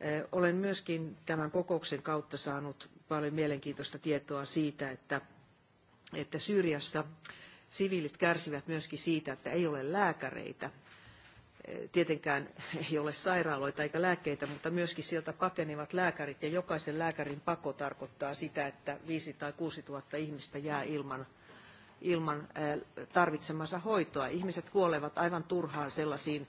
Eh, olen myöskin tämän kokouksen kautta saanut paljon mielenkiintoista tietoa siitä, että, että Syyriassa siviilit kärsivät myöskin siitä, että ei ole lääkäreitä. Eh, tietenkään ei ole sairaaloita eikä lääkkeitä, mutta myöskin sieltä pakenevat lääkärit ja jokaisen lääkärin pako tarkoittaa sitä, että 5 tai 6 000 ihmistä jää ilman ilman eh, tarvitsemansa hoitoa. Ihmiset kuolevat aivan turhaan sellaisiin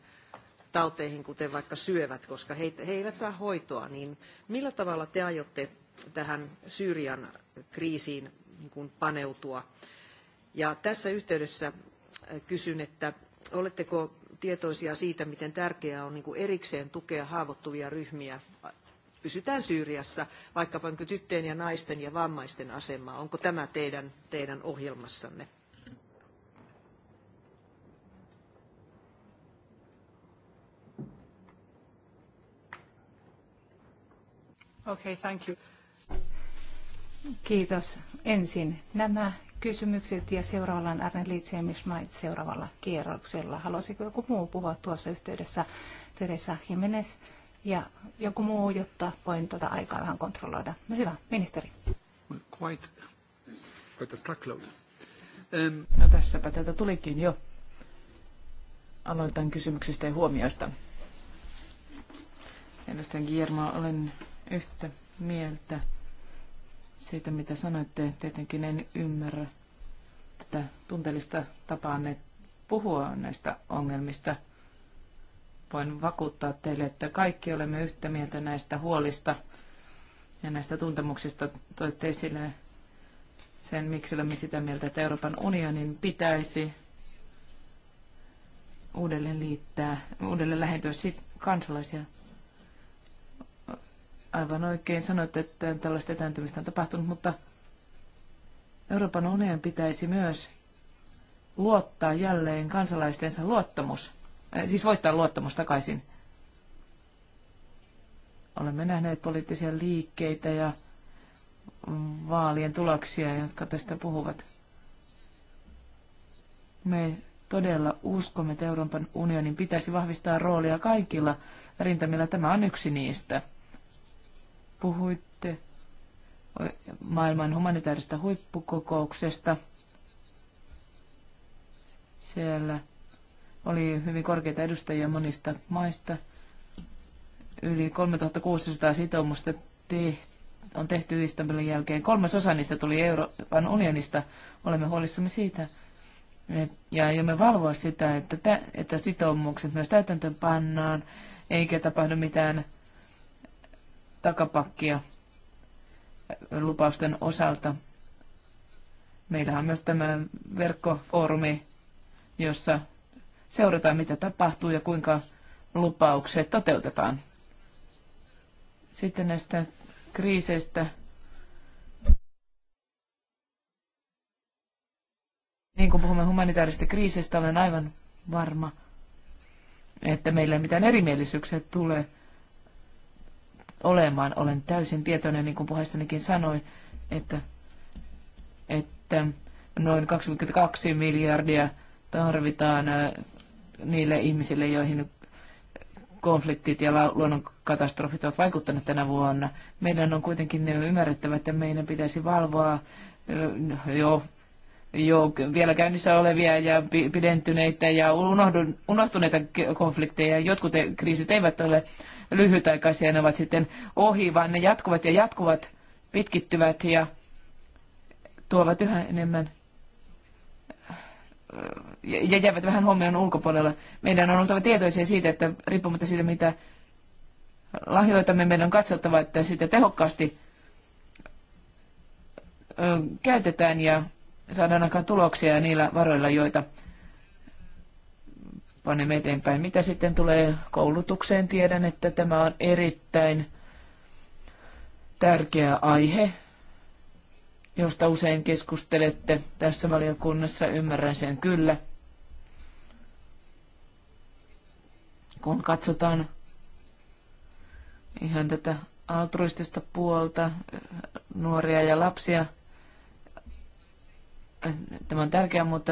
tauteihin, kuten vaikka syövät, koska he, he eivät saa hoitoa. Niin millä tavalla te aiotte tähän Syyrian kriisiin niin paneutua? Ja tässä yhteydessä äh, kysyn, että oletteko tietoisia siitä, miten tärkeää on niin erikseen tukea haavoittuvia ryhmiä pysytään Syyriassa, vaikkapa niin tyttöjen ja naisten ja vammaisten asemaa. Onko tämä teidän, teidän ohjelmassanne? Okay, thank you. Kiitos. Ensin nämä kysymykset ja seuraavalla on Arne Liitsiemismait seuraavalla kierroksella. Haluaisiko joku muu puhua tuossa yhteydessä? Teresa Jimenez ja joku muu, jotta voin tätä aikaa vähän kontrolloida. No hyvä, ministeri. Quite, quite a Um... No tässäpä tätä tulikin jo. Aloitan kysymyksistä ja huomioista. Edustaja Guillermo, olen yhtä mieltä siitä, mitä sanoitte. Tietenkin en ymmärrä tätä tunteellista tapaanne puhua näistä ongelmista. Voin vakuuttaa teille, että kaikki olemme yhtä mieltä näistä huolista ja näistä tuntemuksista. Toitte esille sen, miksi olemme sitä mieltä, että Euroopan unionin pitäisi uudelleen liittää, uudelleen lähentyä kansalaisia Aivan oikein sanoit, että tällaista etääntymistä on tapahtunut, mutta Euroopan unionin pitäisi myös luottaa jälleen kansalaistensa luottamus, eh, siis voittaa luottamus takaisin. Olemme nähneet poliittisia liikkeitä ja vaalien tuloksia, jotka tästä puhuvat. Me todella uskomme, että Euroopan unionin pitäisi vahvistaa roolia kaikilla rintamilla. Tämä on yksi niistä. Puhuitte maailman humanitaarista huippukokouksesta. Siellä oli hyvin korkeita edustajia monista maista. Yli 3600 sitoumusta tehty on tehty Istanbulin jälkeen. Kolmas osa niistä tuli Euroopan unionista. Olemme huolissamme siitä. Ja me valvoa sitä, että, tä, että sitoumukset myös täytäntöön pannaan, eikä tapahdu mitään takapakkia lupausten osalta. Meillä on myös tämä verkkofoorumi, jossa seurataan, mitä tapahtuu ja kuinka lupaukset toteutetaan. Sitten näistä kriiseistä. Niin kuin puhumme humanitaarista kriisistä, olen aivan varma, että meillä ei mitään erimielisyyksiä tulee olemaan. Olen täysin tietoinen, niin kuin puheessanikin sanoin, että, että noin 22 miljardia tarvitaan niille ihmisille, joihin konfliktit ja luonnonkatastrofit ovat vaikuttaneet tänä vuonna. Meidän on kuitenkin ymmärrettävä, että meidän pitäisi valvoa jo, jo vielä käynnissä olevia ja pidentyneitä ja unohtuneita konflikteja. Jotkut kriisit eivät ole lyhytaikaisia, ne ovat sitten ohi, vaan ne jatkuvat ja jatkuvat, pitkittyvät ja tuovat yhä enemmän ja jäävät vähän huomioon ulkopuolella. Meidän on oltava tietoisia siitä, että riippumatta siitä, mitä lahjoitamme, meidän on katsottava, että sitä tehokkaasti käytetään ja saadaan aikaan tuloksia niillä varoilla, joita panemme eteenpäin. Mitä sitten tulee koulutukseen, tiedän, että tämä on erittäin tärkeä aihe, josta usein keskustelette tässä valiokunnassa, ymmärrän sen kyllä. Kun katsotaan ihan tätä altruistista puolta, nuoria ja lapsia – Tämä on tärkeää, mutta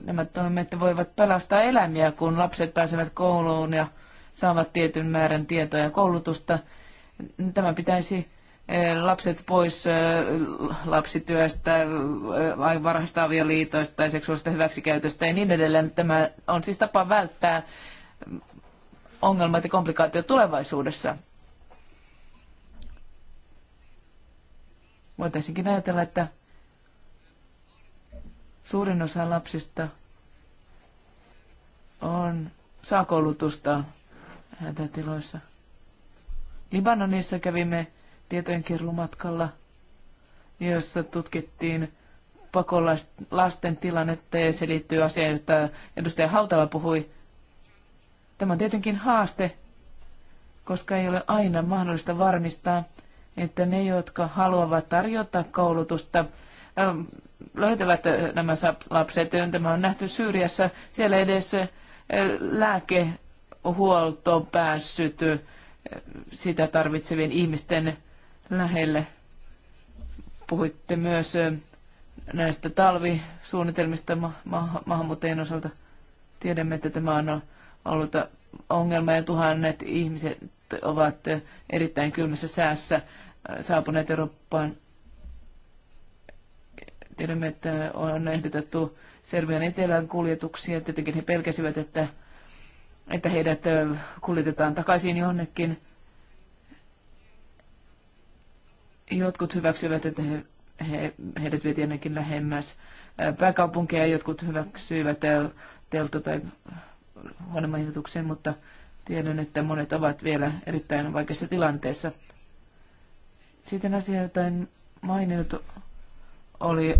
nämä toimet voivat pelastaa elämiä, kun lapset pääsevät kouluun ja saavat tietyn määrän tietoa ja koulutusta. Tämä pitäisi eh, lapset pois eh, lapsityöstä, eh, varhaista avioliitoista tai seksuaalista hyväksikäytöstä ja niin edelleen. Tämä on siis tapa välttää ongelmat ja komplikaatiot tulevaisuudessa. Voitaisinkin ajatella, että Suurin osa lapsista on, saa koulutusta hätätiloissa. Libanonissa kävimme tietojenkirjumatkalla, jossa tutkittiin pakolaisten tilannetta ja se liittyy asiaan, josta edustaja Hautala puhui. Tämä on tietenkin haaste, koska ei ole aina mahdollista varmistaa, että ne, jotka haluavat tarjota koulutusta Ähm, löytävät äh, nämä lapset. Tämä on nähty Syyriassa. Siellä edes äh, lääkehuolto päässyt äh, sitä tarvitsevien ihmisten lähelle. Puhuitte myös näistä talvisuunnitelmista ma- ma- maahanmuuttajien osalta. Tiedämme, että tämä on ollut ongelma ja tuhannet ihmiset ovat erittäin kylmässä säässä saapuneet Eurooppaan Tiedämme, että on ehdotettu Serbian etelän kuljetuksia. Tietenkin he pelkäsivät, että, että heidät kuljetetaan takaisin jonnekin. Jotkut hyväksyvät, että he, he, heidät vietiin jonnekin lähemmäs pääkaupunkeja. Jotkut hyväksyivät teltta- tai huonemajoituksen, mutta tiedän, että monet ovat vielä erittäin vaikeassa tilanteessa. Sitten asia, jota en maininnut, oli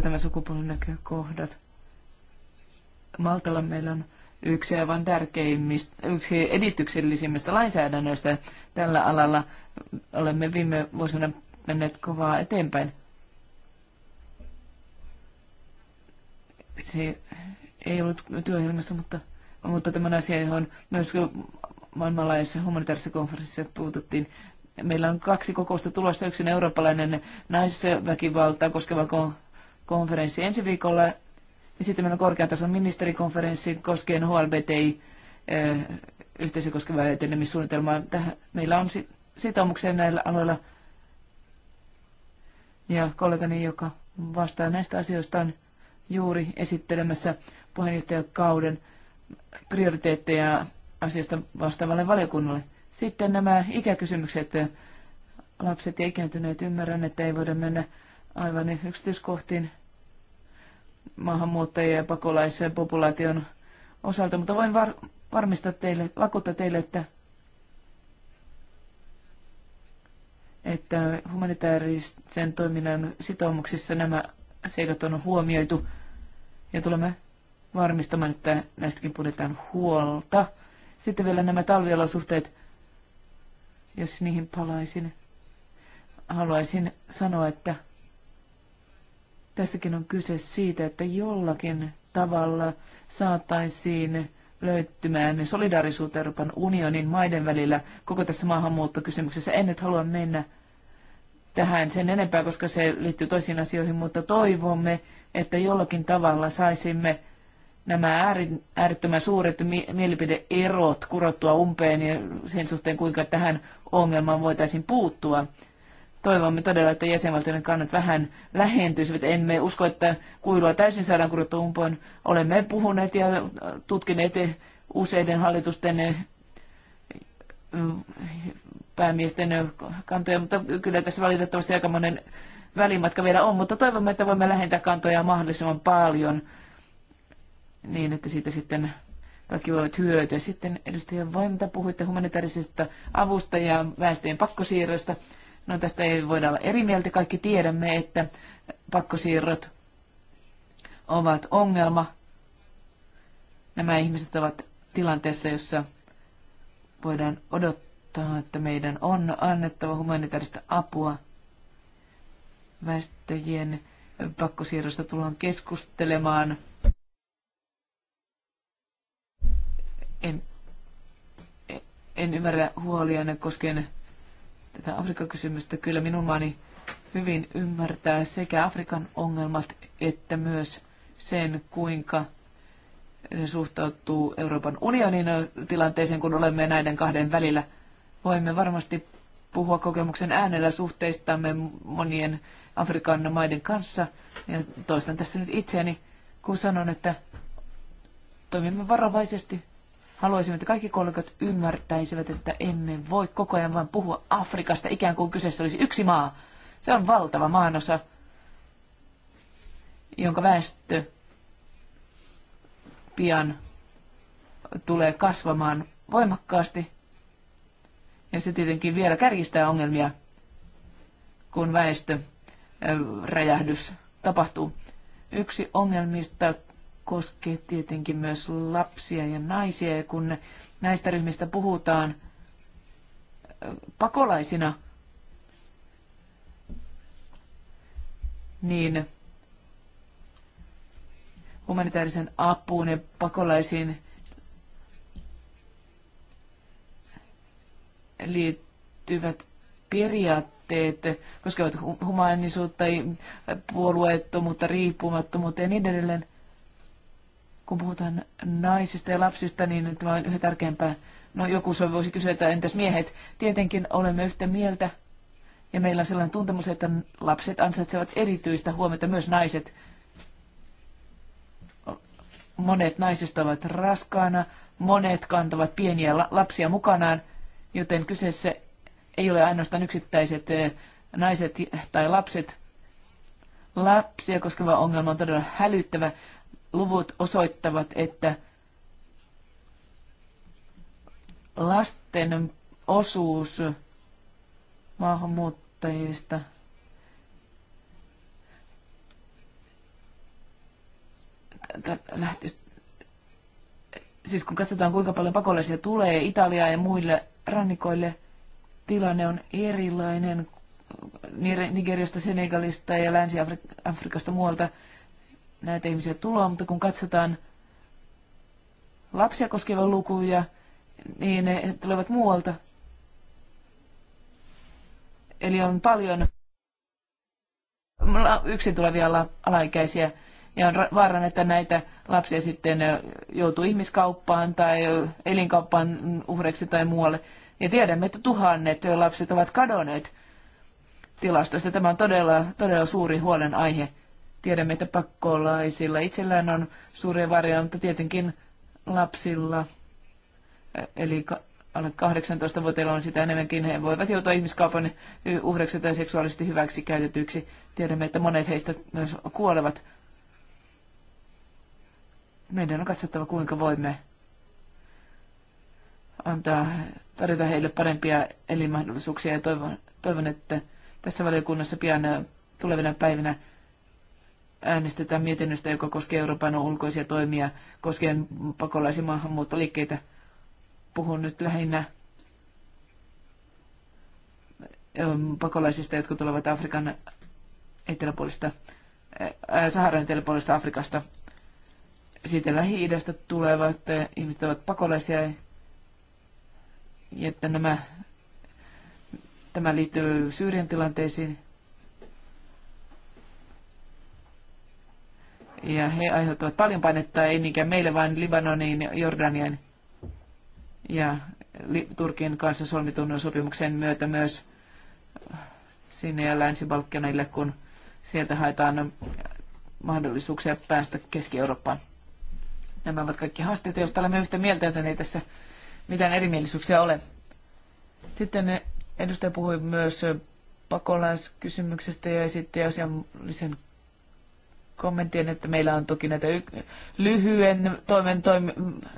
tämä sukupuolen näkökohdat. Maltalla meillä on yksi aivan tärkeimmistä, yksi edistyksellisimmistä lainsäädännöistä tällä alalla. Olemme viime vuosina menneet kovaa eteenpäin. Se ei ollut työohjelmassa, mutta, mutta tämän asia johon myös maailmanlaajuisessa humanitaarisessa konferenssissa puututtiin. Meillä on kaksi kokousta tulossa, yksi eurooppalainen naisväkivaltaa koskeva konferenssi ensi viikolla. Ja sitten meillä on korkean tason ministerikonferenssi koskien HLBTI eh, yhteisö koskevaa etenemissuunnitelmaa. meillä on sitoumuksia näillä aloilla. Ja kollegani, joka vastaa näistä asioista, on juuri esittelemässä puheenjohtajakauden prioriteetteja asiasta vastaavalle valiokunnalle. Sitten nämä ikäkysymykset, lapset ja ikääntyneet, ymmärrän, että ei voida mennä aivan yksityiskohtiin maahanmuuttajien ja pakolaisen populaation osalta, mutta voin var- varmistaa teille, vakuuttaa teille, että, että humanitaarisen toiminnan sitoumuksissa nämä seikat on huomioitu ja tulemme varmistamaan, että näistäkin pidetään huolta. Sitten vielä nämä talviolosuhteet, jos niihin palaisin. Haluaisin sanoa, että Tässäkin on kyse siitä, että jollakin tavalla saataisiin löytymään solidarisuutta Euroopan unionin maiden välillä koko tässä maahanmuuttokysymyksessä. En nyt halua mennä tähän sen enempää, koska se liittyy toisiin asioihin, mutta toivomme, että jollakin tavalla saisimme nämä äärettömän suuret mielipideerot kurottua umpeen ja sen suhteen, kuinka tähän ongelmaan voitaisiin puuttua toivomme todella, että jäsenvaltioiden kannat vähän lähentyisivät. Emme usko, että kuilua täysin saadaan kurjattu umpoon. Olemme puhuneet ja tutkineet useiden hallitusten eh, päämiesten kantoja, mutta kyllä tässä valitettavasti aika monen välimatka vielä on, mutta toivomme, että voimme lähentää kantoja mahdollisimman paljon niin, että siitä sitten kaikki voivat hyötyä. Sitten edustaja Vanta, puhuitte humanitaarisesta avusta ja väestöjen pakkosiirrosta. No tästä ei voida olla eri mieltä. Kaikki tiedämme, että pakkosiirrot ovat ongelma. Nämä ihmiset ovat tilanteessa, jossa voidaan odottaa, että meidän on annettava humanitaarista apua. Väestöjen pakkosiirrosta tullaan keskustelemaan. En, en ymmärrä huolia koskien tätä Afrikan kysymystä. Kyllä minun maani hyvin ymmärtää sekä Afrikan ongelmat että myös sen, kuinka se suhtautuu Euroopan unionin tilanteeseen, kun olemme näiden kahden välillä. Voimme varmasti puhua kokemuksen äänellä suhteistamme monien Afrikan maiden kanssa. Ja toistan tässä nyt itseäni, kun sanon, että toimimme varovaisesti Haluaisimme, että kaikki kollegat ymmärtäisivät, että emme voi koko ajan vain puhua Afrikasta ikään kuin kyseessä olisi yksi maa. Se on valtava maanosa, jonka väestö pian tulee kasvamaan voimakkaasti. Ja se tietenkin vielä kärjistää ongelmia, kun väestöräjähdys tapahtuu. Yksi ongelmista koskee tietenkin myös lapsia ja naisia. Ja kun näistä ryhmistä puhutaan pakolaisina, niin humanitaarisen apuun ja pakolaisiin liittyvät periaatteet koskevat humanisuutta, puolueettomuutta, riippumattomuutta ja niin edelleen kun puhutaan naisista ja lapsista, niin tämä on yhä tärkeämpää. No joku voisi kysyä, että entäs miehet? Tietenkin olemme yhtä mieltä. Ja meillä on sellainen tuntemus, että lapset ansaitsevat erityistä huomiota, myös naiset. Monet naisista ovat raskaana, monet kantavat pieniä lapsia mukanaan, joten kyseessä ei ole ainoastaan yksittäiset naiset tai lapset. Lapsia koskeva ongelma on todella hälyttävä luvut osoittavat, että lasten osuus maahanmuuttajista lähtisi siis kun katsotaan kuinka paljon pakolaisia tulee Italiaan ja muille rannikoille, tilanne on erilainen Nigeriasta, Senegalista ja Länsi-Afrikasta muualta näitä ihmisiä tuloa, mutta kun katsotaan lapsia koskevia lukuja, niin ne tulevat muualta. Eli on paljon yksin tulevia alaikäisiä ja on vaaran, että näitä lapsia sitten joutuu ihmiskauppaan tai elinkauppaan uhreiksi tai muualle. Ja tiedämme, että tuhannet lapset ovat kadonneet tilastoista. Tämä on todella, todella suuri huolenaihe. Tiedämme, että pakkolaisilla itsellään on suuria varjoja, mutta tietenkin lapsilla, eli alle 18-vuotiailla on sitä enemmänkin, he voivat joutua ihmiskaupan uhreksi tai seksuaalisesti hyväksi käytetyksi. Tiedämme, että monet heistä myös kuolevat. Meidän on katsottava, kuinka voimme antaa, tarjota heille parempia elinmahdollisuuksia ja toivon, toivon että tässä valiokunnassa pian äh, tulevina päivinä äänestetään mietinnöstä, joka koskee Euroopan ulkoisia toimia koskien ja maahanmuuttoliikkeitä. Puhun nyt lähinnä ähm, pakolaisista, jotka tulevat Afrikan eteläpuolista, ää, äh, Saharan eteläpuolista Afrikasta. Siitä Lähi-idästä tulevat äh, ihmiset ovat pakolaisia ja että nämä, tämä liittyy Syyrian tilanteisiin – ja he aiheuttavat paljon painetta, ei niinkään meille, vaan Libanonin, Jordanian ja Turkin kanssa solmitun sopimuksen myötä myös sinne ja länsi kun sieltä haetaan mahdollisuuksia päästä Keski-Eurooppaan. Nämä ovat kaikki haasteita, joista olemme yhtä mieltä, että ei tässä mitään erimielisyyksiä ole. Sitten edustaja puhui myös pakolaiskysymyksestä ja esitti asiallisen kommenttien, että meillä on toki näitä lyhyen, toimen, toim,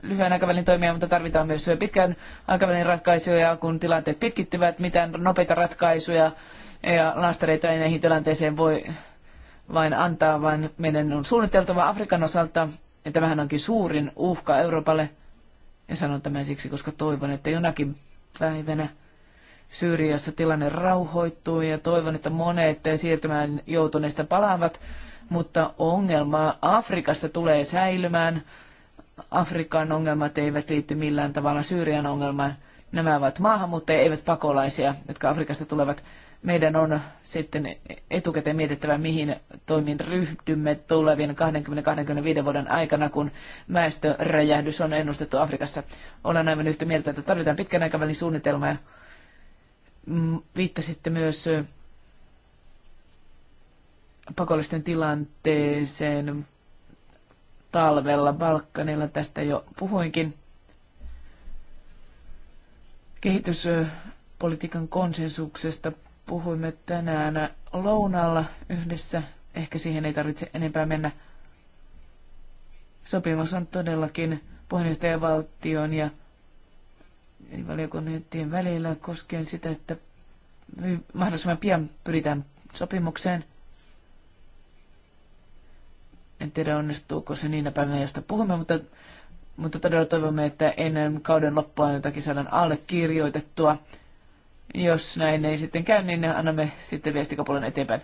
lyhyen aikavälin toimia, mutta tarvitaan myös pitkän aikavälin ratkaisuja, kun tilanteet pitkittyvät, mitään nopeita ratkaisuja ja lastereita ei näihin tilanteeseen voi vain antaa, vaan meidän on suunniteltava Afrikan osalta, ja tämähän onkin suurin uhka Euroopalle, ja sanon tämän siksi, koska toivon, että jonakin päivänä Syyriassa tilanne rauhoittuu ja toivon, että monet siirtymään joutuneista palaavat mutta ongelma Afrikassa tulee säilymään. Afrikan ongelmat eivät liitty millään tavalla Syyrian ongelmaan. Nämä ovat maahanmuuttajia, eivät pakolaisia, jotka Afrikasta tulevat. Meidän on sitten etukäteen mietittävä, mihin toimin ryhdymme tulevien 20-25 vuoden aikana, kun väestöräjähdys on ennustettu Afrikassa. Olen aivan yhtä mieltä, että tarvitaan pitkän aikavälin suunnitelmaa. Mm, viittasitte myös pakollisten tilanteeseen talvella Balkanilla, tästä jo puhuinkin. Kehityspolitiikan konsensuksesta puhuimme tänään lounalla yhdessä. Ehkä siihen ei tarvitse enempää mennä. Sopimus on todellakin puheenjohtajavaltion ja valiokunnan välillä koskien sitä, että mahdollisimman pian pyritään sopimukseen – en tiedä, onnistuuko se niinä päivinä, josta puhumme, mutta, mutta todella toivomme, että ennen kauden loppua jotakin saadaan allekirjoitettua. Jos näin ei sitten käy, niin annamme sitten viestikapulan eteenpäin.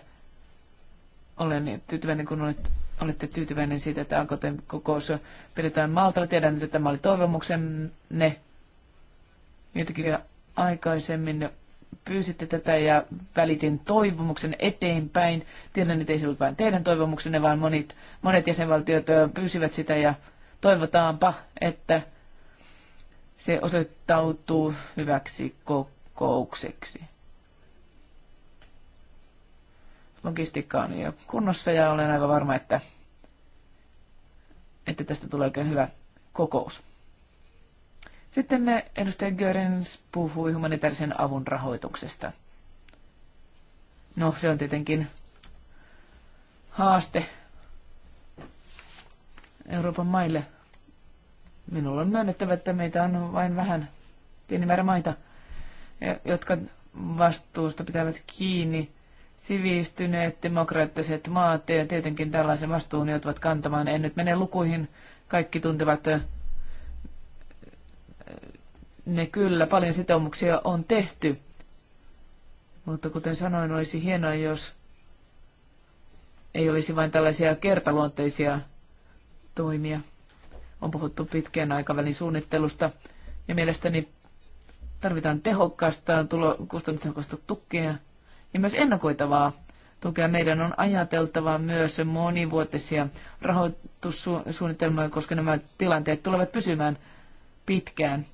Olen tyytyväinen, kun olet olette tyytyväinen siitä, että AKTn kokous pidetään Maltalla. Tiedän, että tämä oli toivomuksenne. Jotenkin aikaisemmin pyysitte tätä ja välitin toivomuksen eteenpäin. Tiedän, että ei se ollut vain teidän toivomuksenne, vaan monet, monet jäsenvaltiot pyysivät sitä ja toivotaanpa, että se osoittautuu hyväksi kokoukseksi. Logistiikka on jo kunnossa ja olen aivan varma, että, että tästä tulee oikein hyvä kokous. Sitten edustaja Görens puhui humanitaarisen avun rahoituksesta. No, se on tietenkin haaste Euroopan maille. Minulla on myönnettävä, että meitä on vain vähän pieni määrä maita, jotka vastuusta pitävät kiinni. Sivistyneet, demokraattiset maat ja tietenkin tällaisen vastuun joutuvat kantamaan. En nyt mene lukuihin, kaikki tuntevat ne kyllä, paljon sitoumuksia on tehty. Mutta kuten sanoin, olisi hienoa, jos ei olisi vain tällaisia kertaluonteisia toimia. On puhuttu pitkän aikavälin suunnittelusta ja mielestäni tarvitaan tehokkaasta, tulo, kustannustehokasta tukea ja myös ennakoitavaa tukea. Meidän on ajateltava myös monivuotisia rahoitussuunnitelmia, koska nämä tilanteet tulevat pysymään pitkään.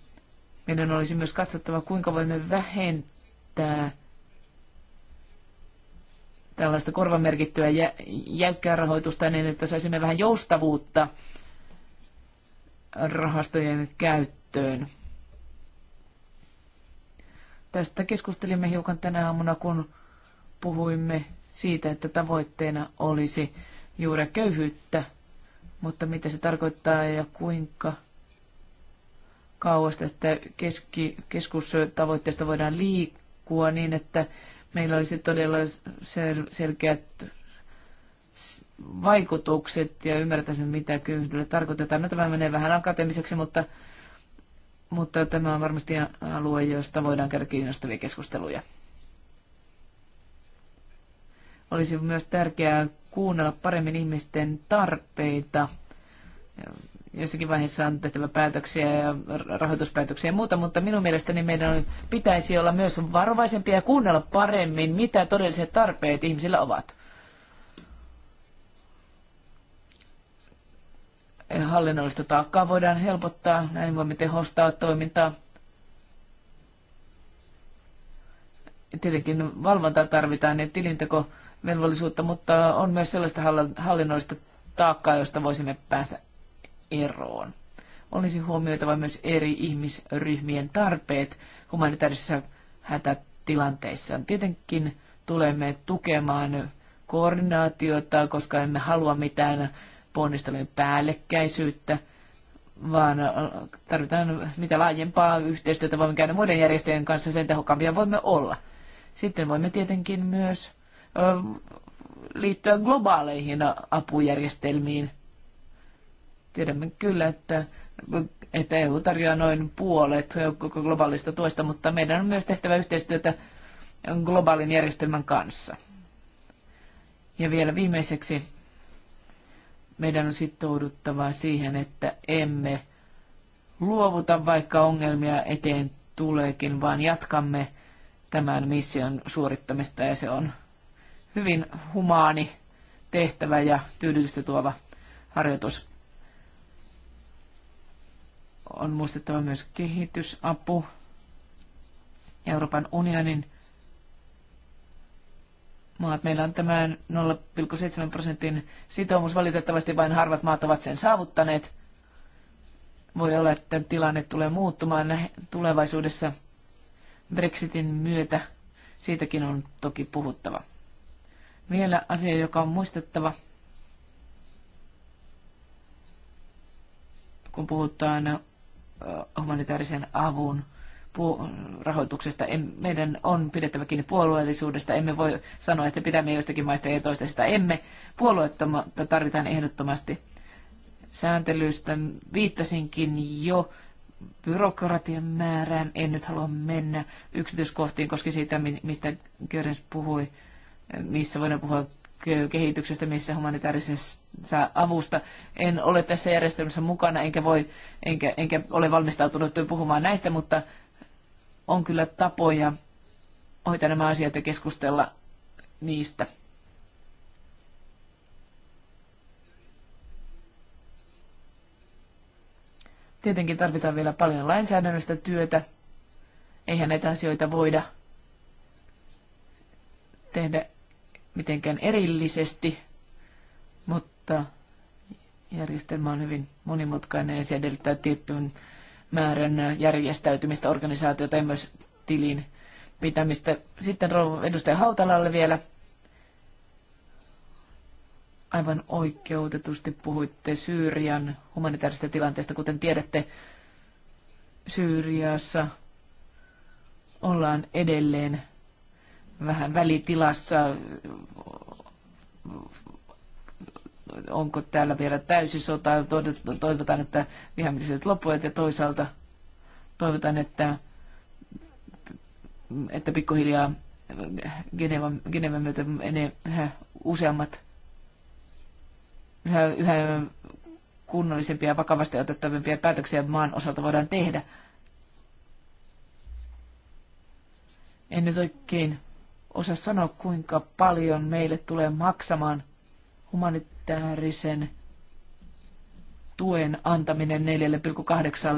Meidän olisi myös katsottava, kuinka voimme vähentää tällaista korvamerkittyä jä, jäykkää rahoitusta niin, että saisimme vähän joustavuutta rahastojen käyttöön. Tästä keskustelimme hiukan tänä aamuna, kun puhuimme siitä, että tavoitteena olisi juuri köyhyyttä, mutta mitä se tarkoittaa ja kuinka – kauas tästä keski, keskustavoitteesta voidaan liikkua niin, että meillä olisi todella sel, selkeät vaikutukset ja ymmärtäisimme, mitä köyhyydellä tarkoitetaan. No tämä menee vähän akateemiseksi, mutta, mutta tämä on varmasti alue, josta voidaan käydä kiinnostavia keskusteluja. Olisi myös tärkeää kuunnella paremmin ihmisten tarpeita jossakin vaiheessa on tehtävä päätöksiä ja rahoituspäätöksiä ja muuta, mutta minun mielestäni meidän pitäisi olla myös varovaisempia ja kuunnella paremmin, mitä todelliset tarpeet ihmisillä ovat. Hallinnollista taakkaa voidaan helpottaa, näin voimme tehostaa toimintaa. Tietenkin valvontaa tarvitaan ja tilintekovelvollisuutta, mutta on myös sellaista hallinnollista taakkaa, josta voisimme päästä eroon. Olisi huomioitava myös eri ihmisryhmien tarpeet humanitaarisissa hätätilanteissa. Tietenkin tulemme tukemaan koordinaatiota, koska emme halua mitään ponnistelujen päällekkäisyyttä, vaan tarvitaan mitä laajempaa yhteistyötä voimme käydä muiden järjestöjen kanssa, sen tehokkaampia voimme olla. Sitten voimme tietenkin myös liittyä globaaleihin apujärjestelmiin, Tiedämme kyllä, että, että EU tarjoaa noin puolet koko globaalista tuosta, mutta meidän on myös tehtävä yhteistyötä globaalin järjestelmän kanssa. Ja vielä viimeiseksi meidän on sitouduttava siihen, että emme luovuta, vaikka ongelmia eteen tuleekin, vaan jatkamme tämän mission suorittamista ja se on hyvin humaani tehtävä ja tyydytystä tuova harjoitus. On muistettava myös kehitysapu. Euroopan unionin maat. Meillä on tämä 0,7 prosentin sitoumus. Valitettavasti vain harvat maat ovat sen saavuttaneet. Voi olla, että tilanne tulee muuttumaan tulevaisuudessa Brexitin myötä. Siitäkin on toki puhuttava. Vielä asia, joka on muistettava, kun puhutaan humanitaarisen avun rahoituksesta. meidän on pidettävä kiinni puolueellisuudesta. Emme voi sanoa, että pidämme joistakin maista ja toisesta. Emme. Puolueettomuutta tarvitaan ehdottomasti. Sääntelystä viittasinkin jo byrokratian määrään. En nyt halua mennä yksityiskohtiin, koska siitä, mistä Görens puhui, missä voidaan puhua kehityksestä, missä humanitaarisesta avusta. En ole tässä järjestelmässä mukana, enkä, voi, enkä, enkä ole valmistautunut puhumaan näistä, mutta on kyllä tapoja hoitaa nämä asiat ja keskustella niistä. Tietenkin tarvitaan vielä paljon lainsäädännöstä työtä. Eihän näitä asioita voida tehdä mitenkään erillisesti, mutta järjestelmä on hyvin monimutkainen ja se edellyttää tiettyyn määrän järjestäytymistä, organisaatiota ja myös tilin pitämistä. Sitten edustaja Hautalalle vielä. Aivan oikeutetusti puhuitte Syyrian humanitaarisesta tilanteesta. Kuten tiedätte, Syyriassa ollaan edelleen vähän välitilassa. Onko täällä vielä sota? Toivotaan, että vihamieliset loppuvat ja toisaalta toivotaan, että, että pikkuhiljaa Genevan, Genevan myötä menee yhä useammat yhä, yhä kunnollisempia ja vakavasti otettavimpia päätöksiä maan osalta voidaan tehdä. En nyt oikein osaa sanoa, kuinka paljon meille tulee maksamaan humanitaarisen tuen antaminen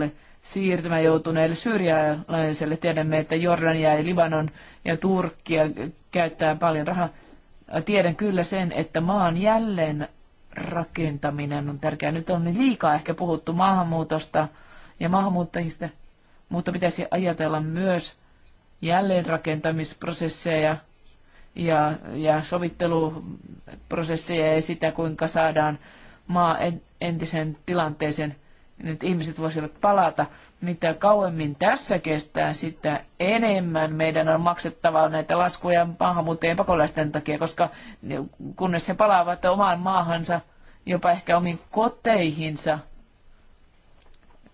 4,8 siirtymään joutuneelle syyrialaiselle. Tiedämme, että Jordania ja Libanon ja Turkkia käyttää paljon rahaa. Tiedän kyllä sen, että maan jälleen rakentaminen on tärkeää. Nyt on liikaa ehkä puhuttu maahanmuutosta ja maahanmuuttajista, mutta pitäisi ajatella myös jälleenrakentamisprosesseja ja, ja sovitteluprosesseja ja sitä, kuinka saadaan maa entisen tilanteeseen, että ihmiset voisivat palata. Mitä kauemmin tässä kestää, sitä enemmän meidän on maksettava näitä laskuja maahanmuuttajien pakolaisten takia, koska kunnes he palaavat omaan maahansa, jopa ehkä omiin koteihinsa,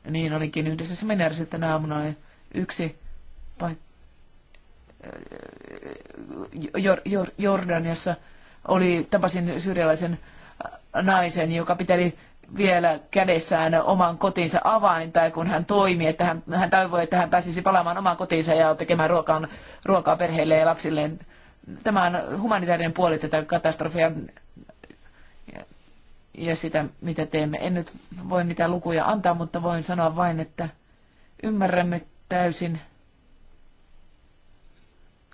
niin olikin yhdessä seminaarissa tänä aamuna yksi Jordaniassa oli, tapasin syyrialaisen naisen, joka piteli vielä kädessään oman kotinsa avainta, ja kun hän toimi, että hän, hän toivoi, että hän pääsisi palaamaan omaan kotiinsa ja tekemään ruokaa perheelle ja lapsilleen. Tämä on humanitaarinen puoli tätä katastrofia ja, ja sitä, mitä teemme. En nyt voi mitään lukuja antaa, mutta voin sanoa vain, että ymmärrämme täysin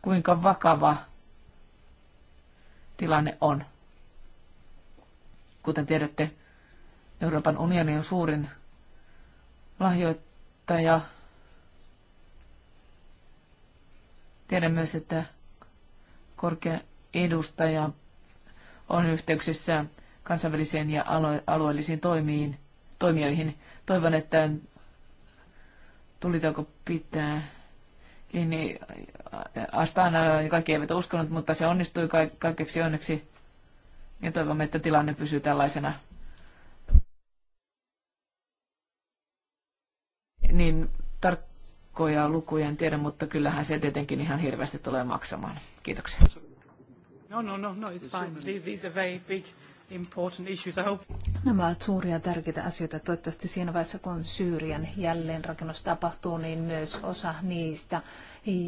kuinka vakava tilanne on. Kuten tiedätte, Euroopan unioni on suurin lahjoittaja. Tiedän myös, että korkea edustaja on yhteyksissä kansainvälisiin ja alueellisiin toimiin, toimijoihin. Toivon, että tulitauko pitää kiinni Astana kaikki eivät uskonut, mutta se onnistui kaikeksi onneksi. Ja toivomme, että tilanne pysyy tällaisena. Niin tarkkoja lukuja en tiedä, mutta kyllähän se tietenkin ihan hirveästi tulee maksamaan. Kiitoksia. No, no, no, no, it's fine. These are very big important issues. I hope... Nämä ovat suuria tärkeitä asioita. Toivottavasti siinä vaiheessa, kun Syyrian jälleenrakennus tapahtuu, niin myös osa niistä,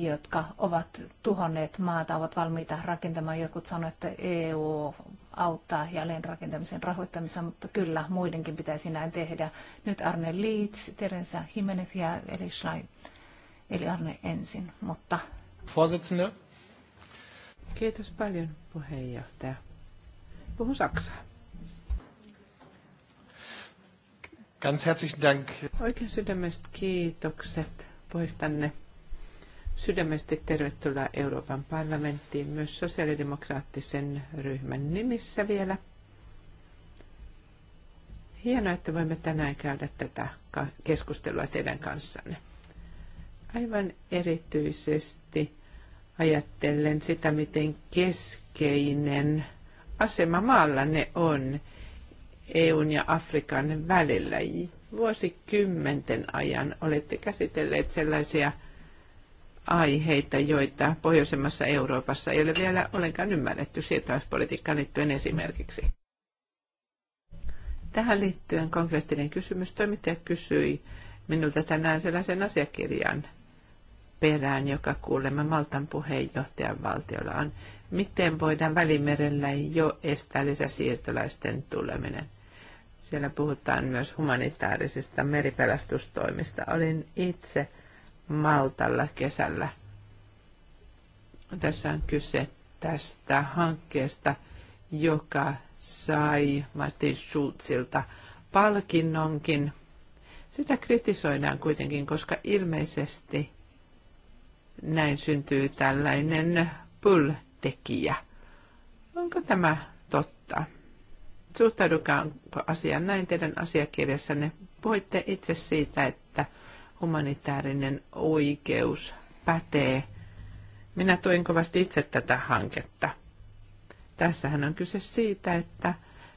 jotka ovat tuhonneet maata, ovat valmiita rakentamaan. Jotkut sanoivat, että EU auttaa jälleenrakentamisen rahoittamisessa, mutta kyllä muidenkin pitäisi näin tehdä. Nyt Arne Leeds, Teresa Jimenez ja Eli Schlein. Eli Arne ensin, mutta... Kiitos paljon puheenjohtaja Puhun saksaa. Ganz herzlichen Dank. Oikein sydämestä kiitokset poistanne. Sydämestä tervetuloa Euroopan parlamenttiin myös sosiaalidemokraattisen ryhmän nimissä vielä. Hienoa, että voimme tänään käydä tätä keskustelua teidän kanssanne. Aivan erityisesti ajattelen sitä, miten keskeinen – asema maallanne on EUn ja Afrikan välillä. Vuosikymmenten ajan olette käsitelleet sellaisia aiheita, joita pohjoisemmassa Euroopassa ei ole vielä ollenkaan ymmärretty siirtolaispolitiikkaan liittyen esimerkiksi. Tähän liittyen konkreettinen kysymys. Toimittaja kysyi minulta tänään sellaisen asiakirjan perään, joka kuulemma Maltan puheenjohtajan valtiolla on miten voidaan Välimerellä jo estää lisäsiirtolaisten tuleminen. Siellä puhutaan myös humanitaarisista meripelastustoimista. Olin itse Maltalla kesällä. Tässä on kyse tästä hankkeesta, joka sai Martin Schulzilta palkinnonkin. Sitä kritisoidaan kuitenkin, koska ilmeisesti näin syntyy tällainen pull tekijä. Onko tämä totta? Suhtaudukaanko asiaan näin teidän asiakirjassanne? Voitte itse siitä, että humanitaarinen oikeus pätee. Minä tuin kovasti itse tätä hanketta. Tässähän on kyse siitä, että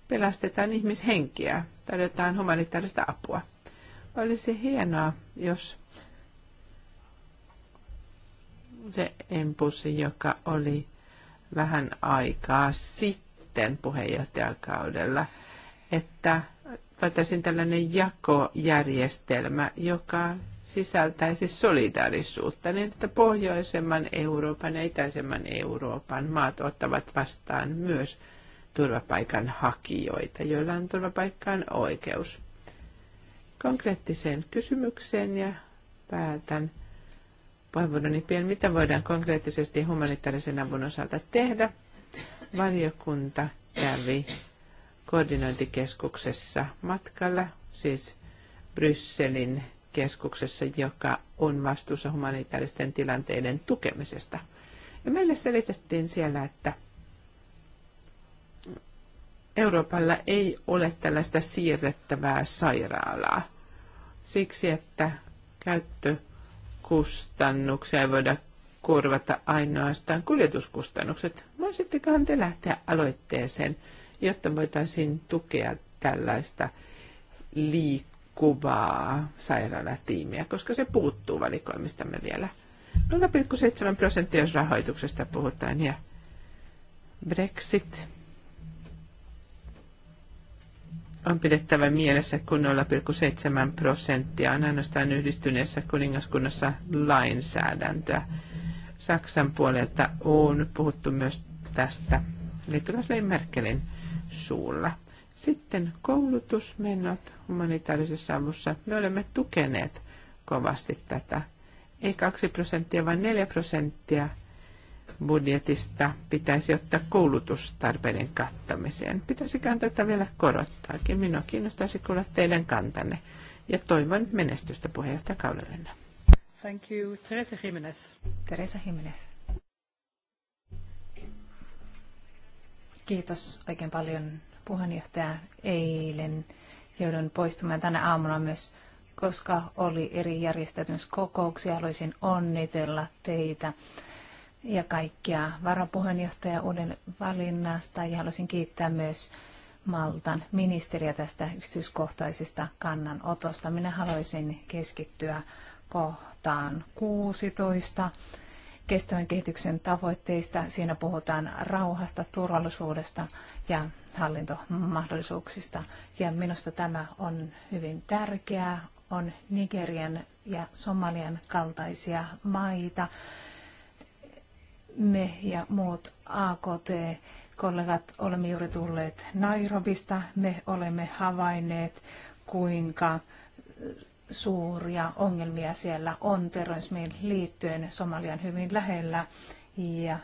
pelastetaan ihmishenkiä, tarjotaan humanitaarista apua. Olisi hienoa, jos se empusi, joka oli vähän aikaa sitten puheenjohtajakaudella, että voitaisiin tällainen jakojärjestelmä, joka sisältäisi solidaarisuutta, niin että pohjoisemman Euroopan ja itäisemmän Euroopan maat ottavat vastaan myös turvapaikan hakijoita, joilla on turvapaikkaan oikeus. Konkreettiseen kysymykseen ja päätän puheenvuoroni niin pieni, Mitä voidaan konkreettisesti humanitaarisen avun osalta tehdä? Valiokunta kävi koordinointikeskuksessa matkalla, siis Brysselin keskuksessa, joka on vastuussa humanitaaristen tilanteiden tukemisesta. Ja meille selitettiin siellä, että Euroopalla ei ole tällaista siirrettävää sairaalaa. Siksi, että käyttö kustannuksia ei voida korvata ainoastaan kuljetuskustannukset. Voisittekohan te lähteä aloitteeseen, jotta voitaisiin tukea tällaista liikkuvaa sairaalatiimiä, koska se puuttuu valikoimistamme vielä. 0,7 prosenttia, jos rahoituksesta puhutaan, ja Brexit on pidettävä mielessä, kun 0,7 prosenttia on ainoastaan yhdistyneessä kuningaskunnassa lainsäädäntöä. Saksan puolelta on puhuttu myös tästä liittolaislein Merkelin suulla. Sitten koulutusmenot humanitaarisessa avussa. Me olemme tukeneet kovasti tätä. Ei 2 prosenttia, vaan 4 prosenttia – budjetista pitäisi ottaa koulutustarpeiden kattamiseen. Pitäisiköhän tätä vielä korottaakin? Minua kiinnostaisi kuulla teidän kantanne. Ja toivon menestystä puheenjohtajakaudellenne. Thank you. Teresa Jimenez. Teresa Jimenez. Kiitos oikein paljon puheenjohtaja. Eilen joudun poistumaan tänä aamuna myös, koska oli eri järjestäytymiskokouksia. Haluaisin onnitella teitä ja kaikkia varapuheenjohtaja uuden valinnasta ja haluaisin kiittää myös Maltan ministeriä tästä yksityiskohtaisesta kannanotosta. Minä haluaisin keskittyä kohtaan 16 kestävän kehityksen tavoitteista. Siinä puhutaan rauhasta, turvallisuudesta ja hallintomahdollisuuksista. Ja minusta tämä on hyvin tärkeää. On Nigerian ja Somalian kaltaisia maita, me ja muut AKT-kollegat olemme juuri tulleet Nairobista. Me olemme havainneet, kuinka suuria ongelmia siellä on terrorismiin liittyen Somalian hyvin lähellä ja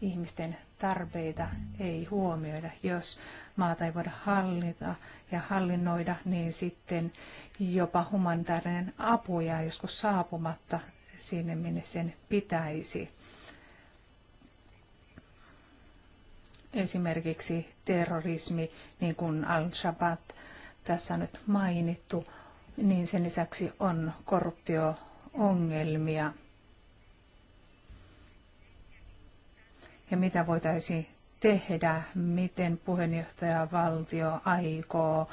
ihmisten tarpeita ei huomioida. Jos maata ei voida hallita ja hallinnoida, niin sitten jopa humanitaarinen apu jää joskus saapumatta sinne, minne sen pitäisi. esimerkiksi terrorismi, niin kuin Al-Shabaab tässä on nyt mainittu, niin sen lisäksi on korruptioongelmia. Ja mitä voitaisiin tehdä, miten puheenjohtajavaltio aikoo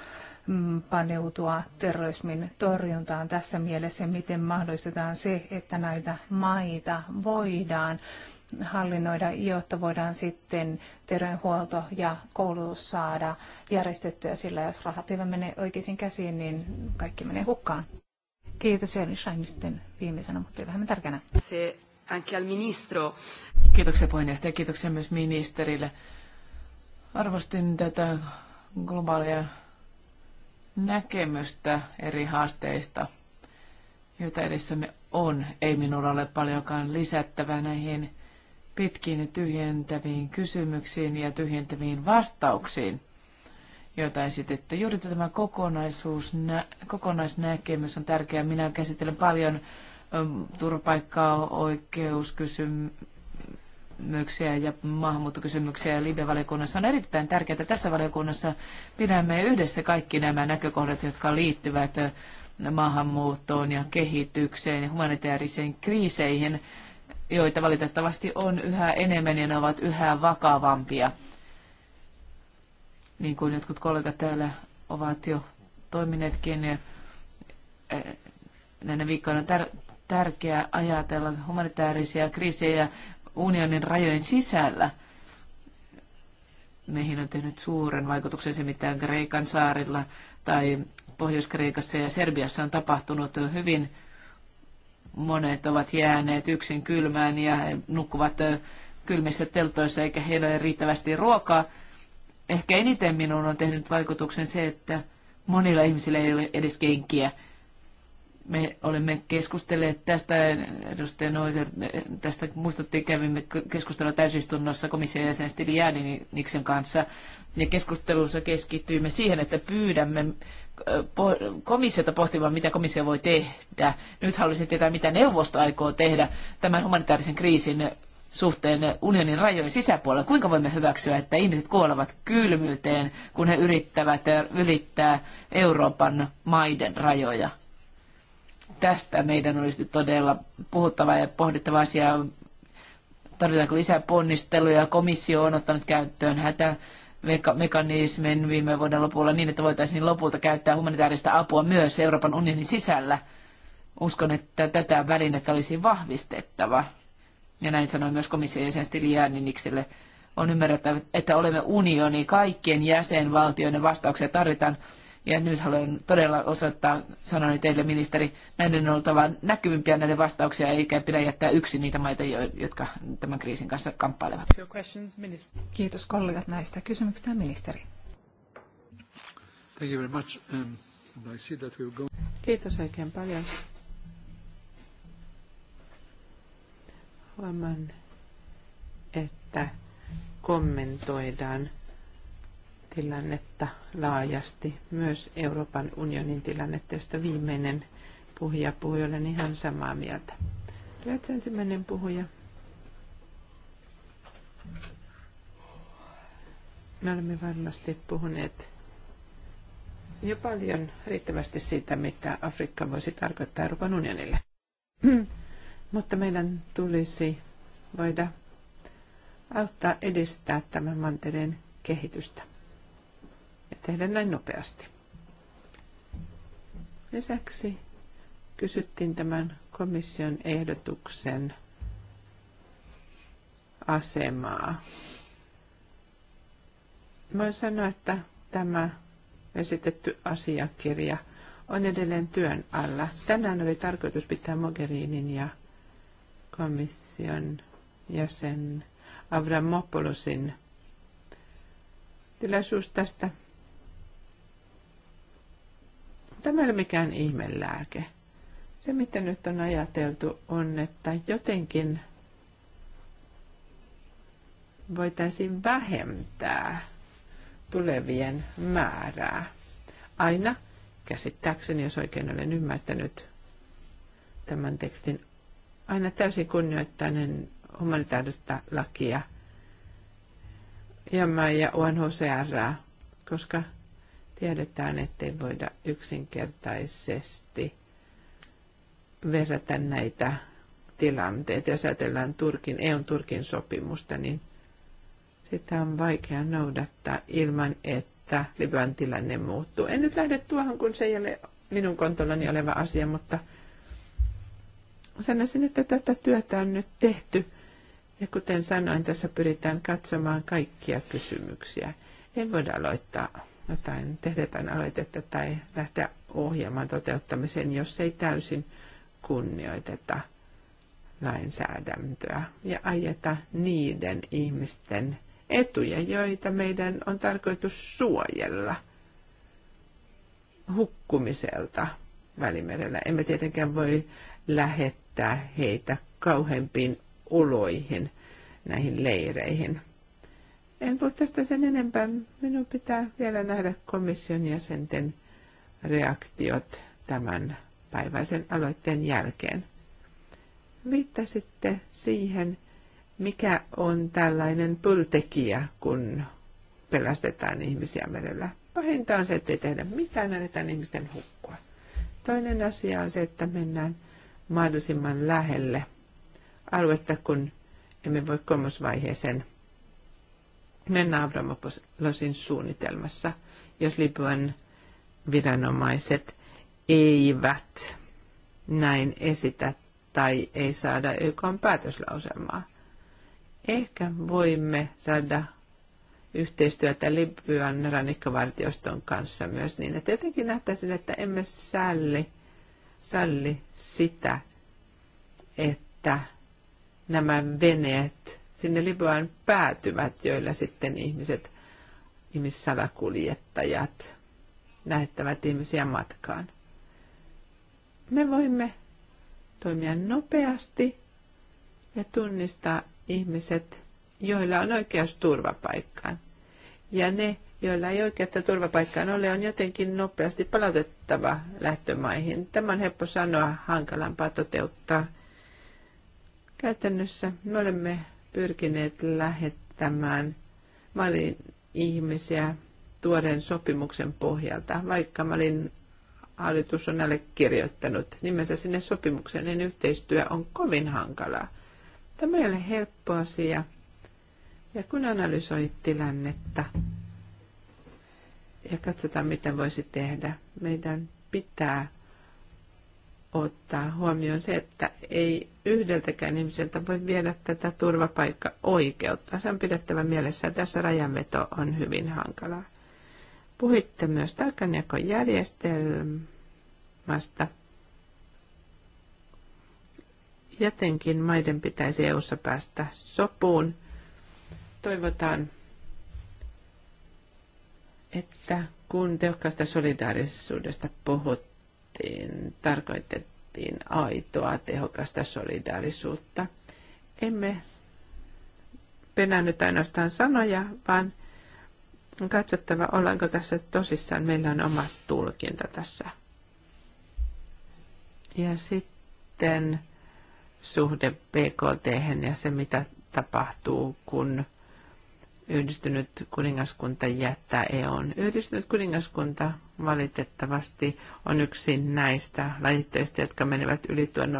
mm, paneutua terrorismin torjuntaan tässä mielessä, miten mahdollistetaan se, että näitä maita voidaan hallinnoida, jotta voidaan sitten terveydenhuolto ja koulutus saada järjestettyä, sillä jos rahat eivät mene oikeisiin käsiin, niin kaikki menee hukkaan. Kiitos Jörn Schrein sitten viimeisenä, mutta ei vähemmän tärkeänä. Se anche al ministro. Kiitoksia puheenjohtaja, kiitoksia myös ministerille. Arvostin tätä globaalia näkemystä eri haasteista, joita edessämme on. Ei minulla ole paljonkaan lisättävää näihin pitkiin tyhjentäviin kysymyksiin ja tyhjentäviin vastauksiin, joita esititte. Juuri tämä kokonaisuus, nä, kokonaisnäkemys on tärkeä. Minä käsittelen paljon ähm, turvapaikkaa, oikeuskysymyksiä ja maahanmuuttokysymyksiä. Ja Libe-valiokunnassa on erittäin tärkeää, että tässä valiokunnassa pidämme yhdessä kaikki nämä näkökohdat, jotka liittyvät äh, maahanmuuttoon ja kehitykseen ja humanitaariseen kriiseihin – joita valitettavasti on yhä enemmän ja ne ovat yhä vakavampia. Niin kuin jotkut kollegat täällä ovat jo toimineetkin niin, eh, näinä viikkoina tär- tärkeää ajatella humanitaarisia kriisejä unionin rajojen sisällä. Meihin on tehnyt suuren vaikutuksen se, mitä Kreikan saarilla tai Pohjois-Kreikassa ja Serbiassa on tapahtunut hyvin Monet ovat jääneet yksin kylmään ja he nukkuvat kylmissä teltoissa eikä heillä ole riittävästi ruokaa. Ehkä eniten minun on tehnyt vaikutuksen se, että monilla ihmisillä ei ole edes kenkiä. Me olemme keskustelleet tästä, edustaja Noiser, tästä muistuttiin, kävimme keskustelua täysistunnossa komission jäsen Stili Jääniniksen kanssa. Ja keskustelussa keskittyimme siihen, että pyydämme komissiota pohtimaan, mitä komissio voi tehdä. Nyt haluaisin tietää, mitä neuvosto aikoo tehdä tämän humanitaarisen kriisin suhteen unionin rajojen sisäpuolella. Kuinka voimme hyväksyä, että ihmiset kuolevat kylmyyteen, kun he yrittävät ylittää Euroopan maiden rajoja? Tästä meidän olisi todella puhuttava ja pohdittava asia Tarvitaanko lisää ponnisteluja? Komissio on ottanut käyttöön hätä mekanismin viime vuoden lopulla niin, että voitaisiin lopulta käyttää humanitaarista apua myös Euroopan unionin sisällä. Uskon, että tätä välinettä olisi vahvistettava. Ja näin sanoi myös komission jäsen Stiljanikselle. On ymmärrettävä, että olemme unioni, kaikkien jäsenvaltioiden vastauksia tarvitaan ja nyt haluan todella osoittaa, sanoni teille ministeri, näiden on oltava näkyvimpiä näiden vastauksia, eikä pidä jättää yksi niitä maita, jotka tämän kriisin kanssa kamppailevat. Kiitos kollegat näistä kysymyksistä, ministeri. Thank you very much. Um, I see that we'll go... Kiitos oikein paljon. Huomaan, että kommentoidaan tilannetta laajasti, myös Euroopan unionin tilannetta, josta viimeinen puhuja puhui, olen ihan samaa mieltä. Rets ensimmäinen puhuja. Me olemme varmasti puhuneet jo paljon riittävästi siitä, mitä Afrikka voisi tarkoittaa Euroopan unionille. Mutta meidän tulisi voida auttaa edistää tämän mantereen kehitystä ja tehdä näin nopeasti. Lisäksi kysyttiin tämän komission ehdotuksen asemaa. Voin sanoa, että tämä esitetty asiakirja on edelleen työn alla. Tänään oli tarkoitus pitää Mogherinin ja komission jäsen Avramopoulosin tilaisuus tästä Tämä ei ole mikään ihmelääke. Se, mitä nyt on ajateltu, on, että jotenkin voitaisiin vähentää tulevien määrää. Aina, käsittääkseni, jos oikein olen ymmärtänyt tämän tekstin, aina täysin kunnioittainen humanitaarista lakia ja ja UNHCR, koska Tiedetään, ettei voida yksinkertaisesti verrata näitä tilanteita. Jos ajatellaan Turkin, EUn Turkin sopimusta, niin sitä on vaikea noudattaa ilman, että Libyan tilanne muuttuu. En nyt lähde tuohon, kun se ei ole minun kontollani oleva asia, mutta sanoisin, että tätä työtä on nyt tehty. Ja kuten sanoin, tässä pyritään katsomaan kaikkia kysymyksiä. En voida aloittaa jotain, tehdä jotain aloitetta tai lähteä ohjelman toteuttamiseen, jos ei täysin kunnioiteta lainsäädäntöä ja ajeta niiden ihmisten etuja, joita meidän on tarkoitus suojella hukkumiselta välimerellä. Emme tietenkään voi lähettää heitä kauheimpiin oloihin näihin leireihin. En voi tästä sen enempää. Minun pitää vielä nähdä komission jäsenten reaktiot tämän päiväisen aloitteen jälkeen. Viittasitte siihen, mikä on tällainen pyltekijä, kun pelastetaan ihmisiä merellä. Pahinta on se, että ei tehdä mitään, annetaan ihmisten hukkua. Toinen asia on se, että mennään mahdollisimman lähelle aluetta, kun emme voi kolmosvaiheeseen Mennään Avramopoulosin suunnitelmassa, jos Libyan viranomaiset eivät näin esitä tai ei saada YK päätöslauselmaa. Ehkä voimme saada yhteistyötä Libyan rannikkovartioston kanssa myös niin, että jotenkin nähtäisin, että emme salli, salli sitä, että nämä veneet sinne Libyaan päätyvät, joilla sitten ihmiset, ihmissalakuljettajat, lähettävät ihmisiä matkaan. Me voimme toimia nopeasti ja tunnistaa ihmiset, joilla on oikeus turvapaikkaan. Ja ne, joilla ei oikeutta turvapaikkaan ole, on jotenkin nopeasti palautettava lähtömaihin. Tämä on helppo sanoa, hankalampaa toteuttaa. Käytännössä me olemme pyrkineet lähettämään Malin ihmisiä tuoden sopimuksen pohjalta, vaikka Malin hallitus on kirjoittanut nimensä sinne sopimukseen, niin yhteistyö on kovin hankalaa. Tämä ei ole helppo asia. Ja kun analysoi tilannetta ja katsotaan, mitä voisi tehdä, meidän pitää ottaa huomioon se, että ei yhdeltäkään ihmiseltä voi viedä tätä turvapaikka-oikeutta. Se on pidettävä mielessä. Tässä rajanveto on hyvin hankalaa. Puhitte myös taakanjakojärjestelmästä. Jotenkin maiden pitäisi eu päästä sopuun. Toivotaan, että kun tehokkaasta solidaarisuudesta puhut, tarkoitettiin, tarkoitettiin aitoa, tehokasta solidaarisuutta. Emme penännyt ainoastaan sanoja, vaan on katsottava, ollaanko tässä tosissaan. Meillä on oma tulkinta tässä. Ja sitten suhde BKT ja se, mitä tapahtuu, kun yhdistynyt kuningaskunta jättää EUn. Yhdistynyt kuningaskunta valitettavasti on yksi näistä lajitteista, jotka menevät yli tuon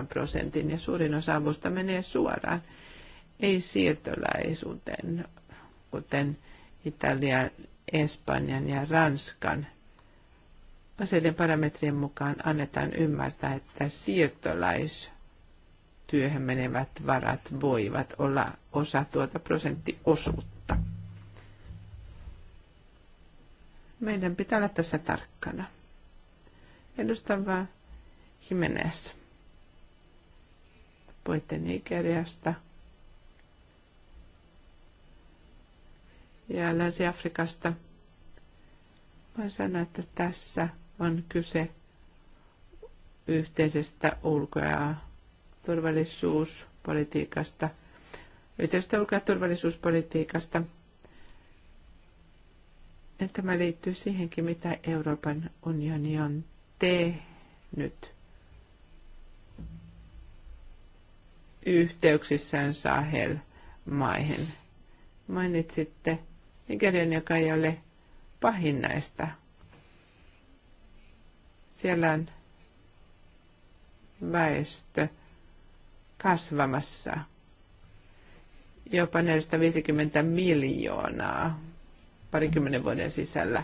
0,7 prosentin ja suurin osa avusta menee suoraan, ei siirtolaisuuteen, kuten Italian, Espanjan ja Ranskan. Aseiden parametrien mukaan annetaan ymmärtää, että siirtolaistyöhön menevät varat voivat olla osa tuota prosenttiosuutta. Meidän pitää olla tässä tarkkana. Edustava Jimenez. Voitte Nigeriasta. Ja Länsi-Afrikasta. Voin sanoa, että tässä on kyse yhteisestä ulko- ja turvallisuuspolitiikasta, yhteisestä ulko- ja turvallisuuspolitiikasta – Tämä liittyy siihenkin, mitä Euroopan unioni on tehnyt yhteyksissään Sahel-maihin. Mainitsitte Nigerian, joka ei ole pahin näistä. Siellä on väestö kasvamassa jopa 450 miljoonaa parikymmenen vuoden sisällä.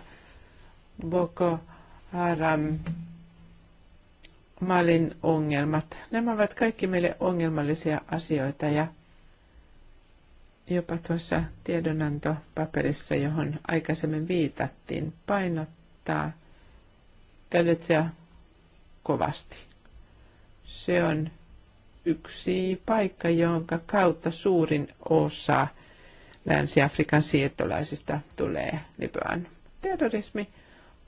Boko Haram, Malin ongelmat. Nämä ovat kaikki meille ongelmallisia asioita ja jopa tuossa tiedonantopaperissa, johon aikaisemmin viitattiin, painottaa Galicia kovasti. Se on yksi paikka, jonka kautta suurin osa – Länsi-Afrikan siirtolaisista tulee nykyään. Terrorismi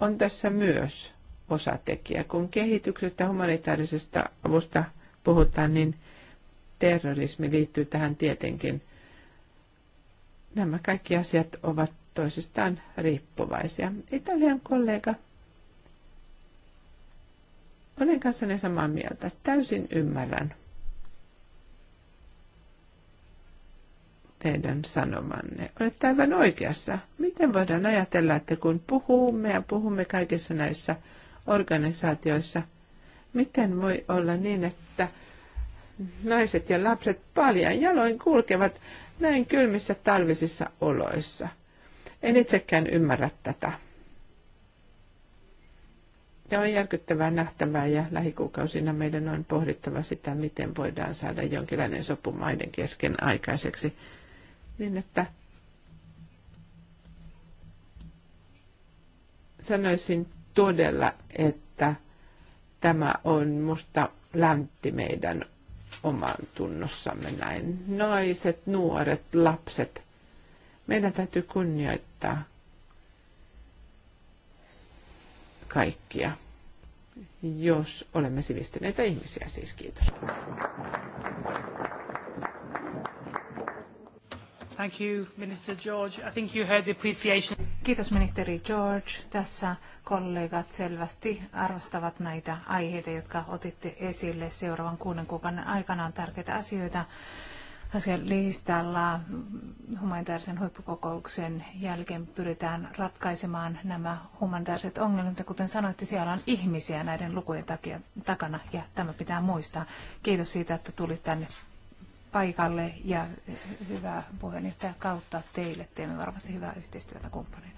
on tässä myös osatekijä. Kun kehityksestä humanitaarisesta avusta puhutaan, niin terrorismi liittyy tähän tietenkin. Nämä kaikki asiat ovat toisistaan riippuvaisia. Italian kollega, olen kanssani samaa mieltä. Täysin ymmärrän teidän sanomanne. Olette aivan oikeassa. Miten voidaan ajatella, että kun puhumme ja puhumme kaikissa näissä organisaatioissa, miten voi olla niin, että naiset ja lapset paljon jaloin kulkevat näin kylmissä talvisissa oloissa? En itsekään ymmärrä tätä. Ja on järkyttävää nähtävää ja lähikuukausina meidän on pohdittava sitä, miten voidaan saada jonkinlainen sopu maiden kesken aikaiseksi niin, että sanoisin todella, että tämä on musta läntti meidän oman tunnossamme näin. Naiset, nuoret, lapset. Meidän täytyy kunnioittaa kaikkia, jos olemme sivistyneitä ihmisiä siis. Kiitos. Thank you, Minister George. I think you heard the appreciation. Kiitos ministeri George. Tässä kollegat selvästi arvostavat näitä aiheita, jotka otitte esille seuraavan kuuden kuukauden aikana. On tärkeitä asioita asian listalla humanitaarisen huippukokouksen jälkeen pyritään ratkaisemaan nämä humanitaariset ongelmat. Ja kuten sanoitte, siellä on ihmisiä näiden lukujen takia, takana ja tämä pitää muistaa. Kiitos siitä, että tulit tänne paikalle ja hyvää puheenjohtajakautta kautta teille. Teemme varmasti hyvää yhteistyötä kumppaneille.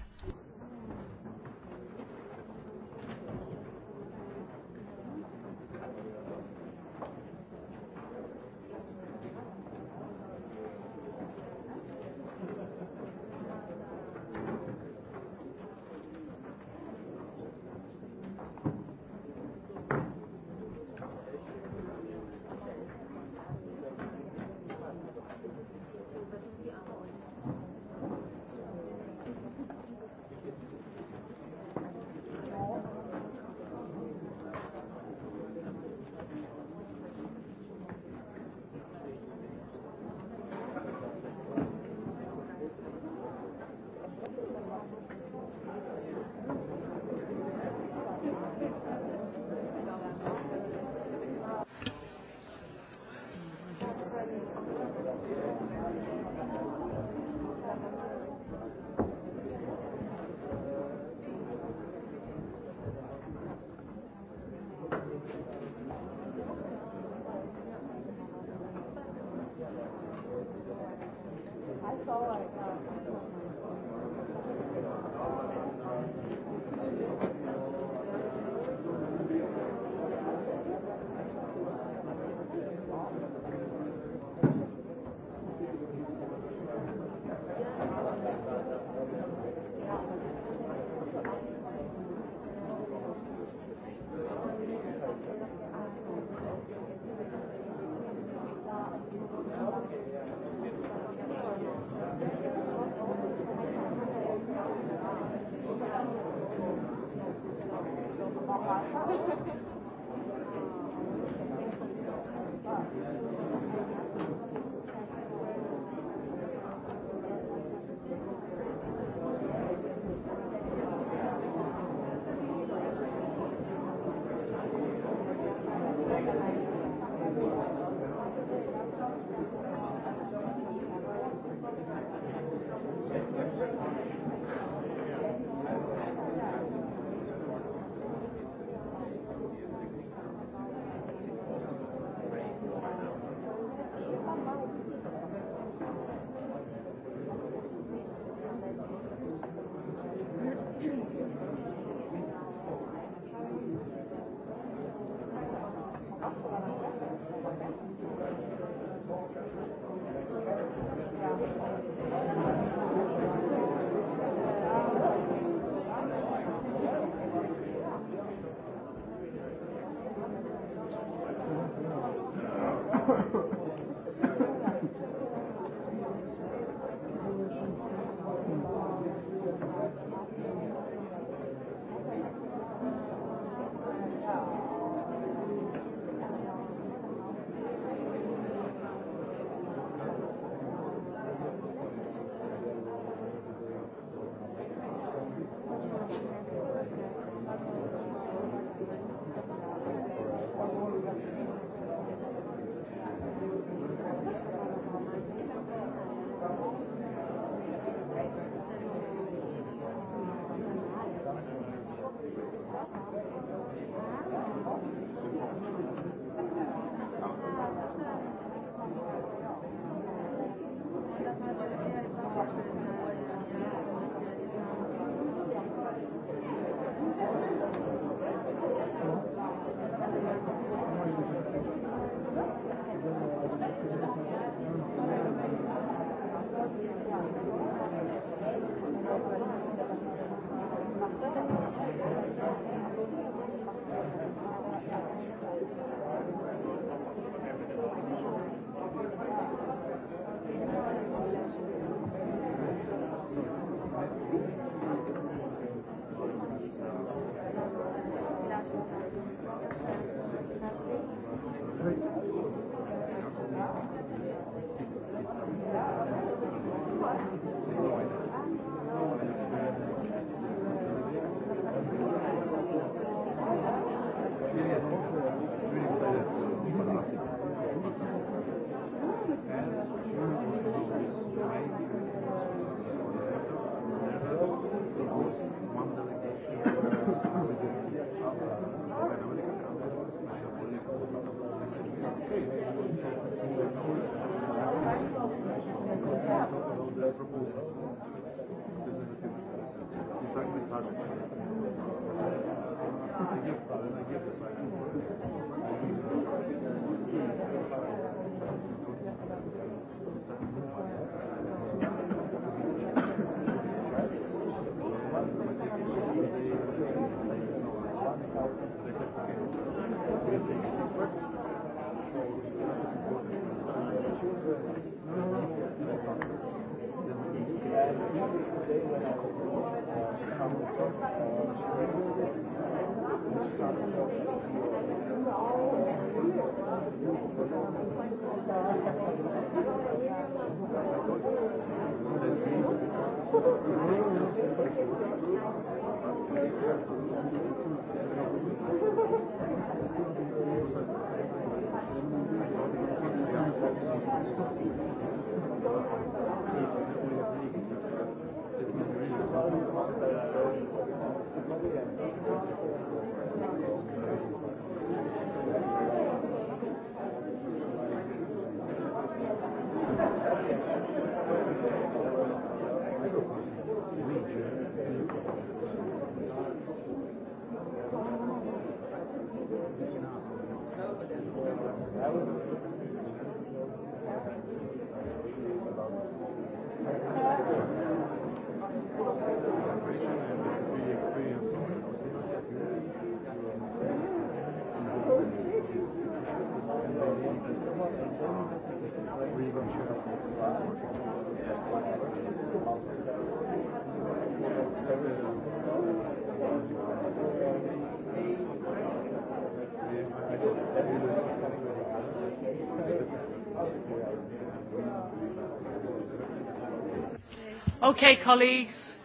Okay, colleagues.